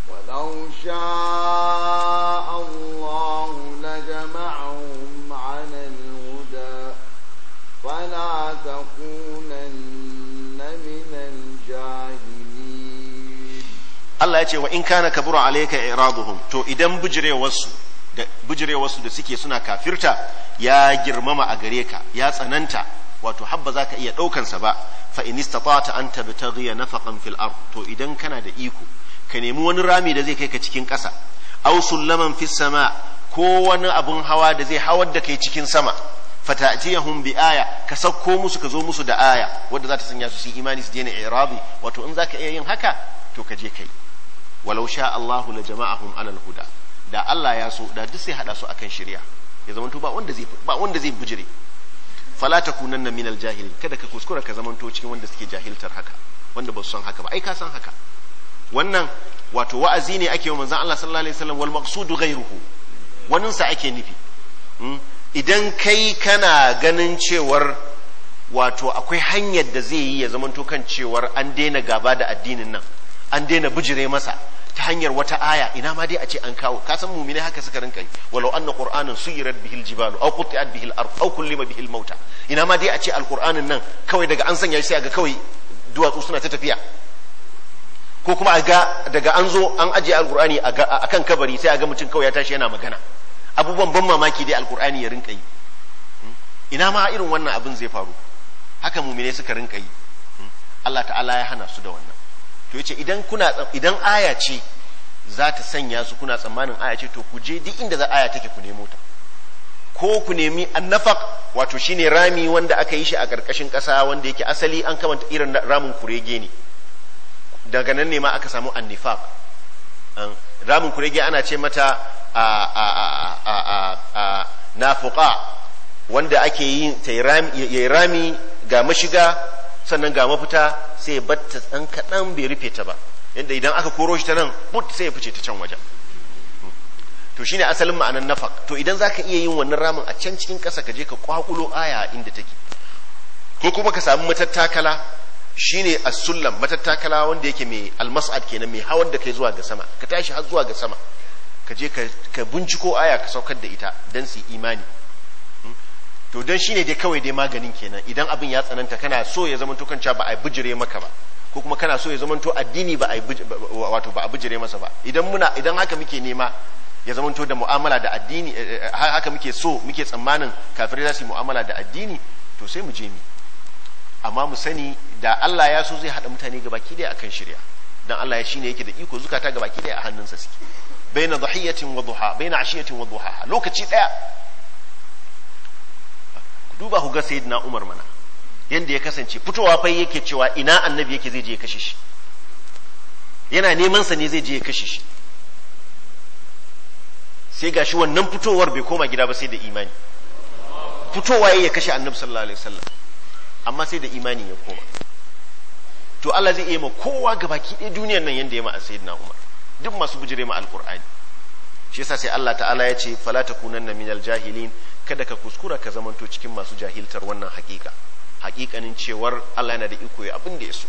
ولو شاء الله لجمعهم Allah تكونن من الجاهلين الله kana وإن كان كبر عليك إعراضهم تو إدم بجري وسو da suke suna kafirta ya girmama a gare ka ya tsananta wato habba za ka iya ɗaukansa ba fa in istata an tabtaghiya nafaqan fil ard to idan kana da iko ka nemi wani rami da zai kai ka cikin ƙasa aw sulaman fis sama ko wani abun hawa da zai hawar da kai cikin sama fata'tiyahum bi aya ka sauko musu ka zo musu da aya wanda za ta sanya su su imani su daina irabi wato in zaka iya yin haka to ka je kai walau sha Allahu la jama'ahum alal huda da Allah ya so da duk sai hada su akan shari'a ya zamanto ba wanda zai ba wanda zai bujire fala takunanna minal jahilin kada ka kuskura ka zamanto cikin wanda suke jahiltar haka wanda ba su san haka ba ai ka san haka wannan wato wa'azi ne ake wa manzon Allah sallallahu alaihi wasallam wal maqsudu ghayruhu wannan sa ake nufi hmm? idan kai kana ganin cewar wato akwai hanyar da zai yi ya zamanto kan cewar an daina gaba da addinin nan an daina bijire masa ta hanyar wata aya ina ma dai a ce an kawo ka san mumine haka suka rinka yi walau anna yi suyirat bihil jibalu aw qutiat bihil ard aw kullima bihil mauta ina ma dai a ce alqur'anin nan kawai daga an sanya shi sai ga kawai duwatsu suna ta tafiya ko kuma a ga daga an zo an ajiye alqur'ani akan kabari sai a ga mutum kawai ya tashi yana magana abubuwan ban mamaki dai alkur'ani ya rinka yi ina ma irin wannan abin zai faru haka mumine suka rinka yi Allah ta'ala ya hana su da wannan to yace idan kuna idan aya ce za ta sanya su kuna tsammanin aya ce to ku je duk inda za aya take ku nemo ta ko ku nemi annafaq wato shine rami wanda aka yi shi a karkashin ƙasa wanda yake asali an kamanta irin ramin kurege ne daga nan ne ma aka samu annifaq ramin kurege ana ce mata fuka wanda ake yi yayi rami ga mashiga sannan ga mafita sai ya batta ɗan kaɗan bai rufe ta ba yadda idan aka koro shi ta nan put sai ya fice ta can wajen to shine asalin ma'anar nafak to idan za ka iya yin wannan ramin a can cikin ƙasa ka je ka kwakulo aya inda take ko kuma ka samu matattakala shine as-sullam matattakala wanda yake mai al kenan mai hawan da kai zuwa ga sama ka tashi har zuwa ga sama ka je ka binciko aya ka saukar da ita don su imani hmm? to don shine dai kawai dai maganin kenan idan abin ya tsananta kana so ya zama kanca ba a bijire maka ba ko kuma kana so ya zama to addini ba a wato ba a bijire masa ba idan muna idan haka muke nema ya zama to da mu'amala da addini eh, eh, haka muke so muke tsammanin kafir za su mu'amala da addini to sai mu je mi amma mu sani da Allah ya so zai haɗa mutane gabaki ɗaya akan shirya dan Allah ya shine yake da iko zukata gabaki dai a hannunsa suke baina dhahiyatin wa duha baina ashiyatin wa duha lokaci daya duba ku ga sayyidina Umar mana yanda ya kasance fitowa fa yake cewa ina annabi yake zai je ya kashe shi yana neman sa ne zai je ya kashe shi sai gashi wannan fitowar bai koma gida ba sai da imani fitowa ya kashe annabi sallallahu alaihi wasallam amma sai da imani ya koma to Allah zai iya ma kowa gabaki ɗaya duniyar nan yanda ya ma sayyidina Umar duk masu bujire ma alkur'ani shi yasa sai Allah ta'ala ya ce fala takunanna minal jahilin kada ka kuskura ka zamanto cikin masu jahiltar wannan hakika hakikanin cewar Allah yana da iko ya abin da ya so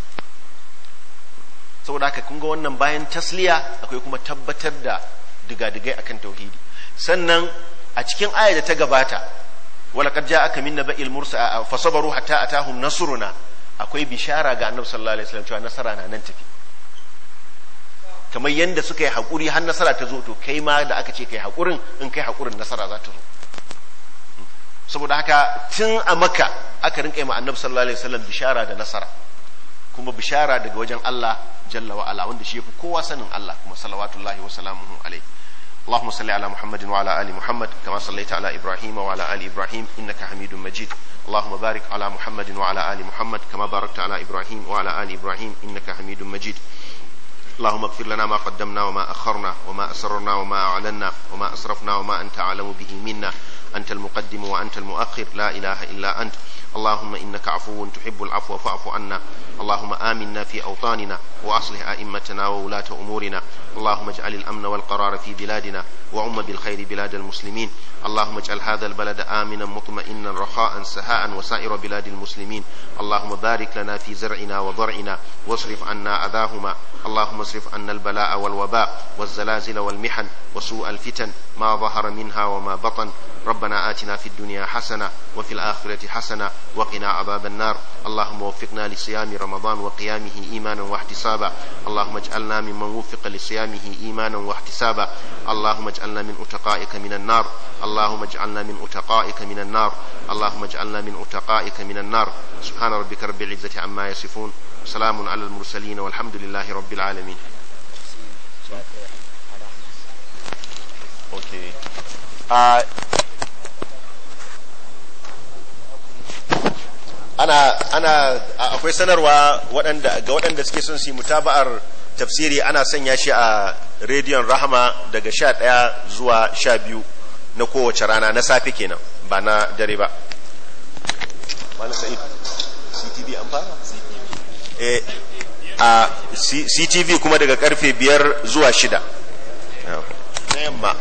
saboda haka kun ga wannan bayan tasliya akwai kuma tabbatar da digadigai akan tauhidi sannan a cikin aya da ta gabata qad ja'aka min naba'il mursa sabaru hatta atahum nasruna akwai bishara ga annabi sallallahu alaihi wasallam cewa nasara na nan tafi kamar yadda suka yi haƙuri har nasara ta zo to kai ma da aka ce kai haƙurin in kai haƙurin nasara za ta zo saboda haka tun a maka aka rinƙa yi annabi sallallahu alaihi wasallam bishara da nasara kuma bishara daga wajen Allah jalla wa ala wanda shi yafi kowa sanin Allah kuma salawatullahi wa salamuhu alaihi اللهم صل على محمد وعلى ال محمد كما صليت على ابراهيم وعلى ال ابراهيم انك حميد مجيد اللهم بارك على محمد وعلى ال محمد كما باركت على ابراهيم وعلى ال ابراهيم انك حميد مجيد اللهم اغفر لنا ما قدمنا وما أخرنا وما أسررنا وما أعلنا وما أسرفنا وما أنت أعلم به منا أنت المقدم وأنت المؤخر لا إله إلا أنت اللهم إنك عفو تحب العفو فاعف عنا اللهم آمنا في أوطاننا وأصلح أئمتنا وولاة أمورنا اللهم اجعل الأمن والقرار في بلادنا وعم بالخير بلاد المسلمين اللهم اجعل هذا البلد آمنا مطمئنا رخاء سهاء وسائر بلاد المسلمين اللهم بارك لنا في زرعنا وضرعنا واصرف عنا أذاهما اللهم اصرف عنا البلاء والوباء والزلازل والمحن وسوء الفتن ما ظهر منها وما بطن ربنا آتنا في الدنيا حسنة وفي الآخرة حسنة وقنا عذاب النار اللهم وفقنا لصيام رمضان وقيامه إيمانا واحتسابا اللهم اجعلنا ممن وفق لصيامه إيمانا واحتسابا اللهم اجعلنا من أتقائك من النار اللهم اجعلنا من أتقائك من النار اللهم اجعلنا من أتقائك من النار سبحان ربك رب العزة عما يصفون سلام على المرسلين والحمد لله رب العالمين ok a ana ana akwai sanarwa waɗanda ga waɗanda suke son su mutaba'ar tafsiri ana sanya shi a rediyon rahama daga sha ɗaya zuwa sha biyu na kowace rana na safe kenan ba na dare ba ctv an fara eh, a ctv kuma daga karfe biyar zuwa shida na yamma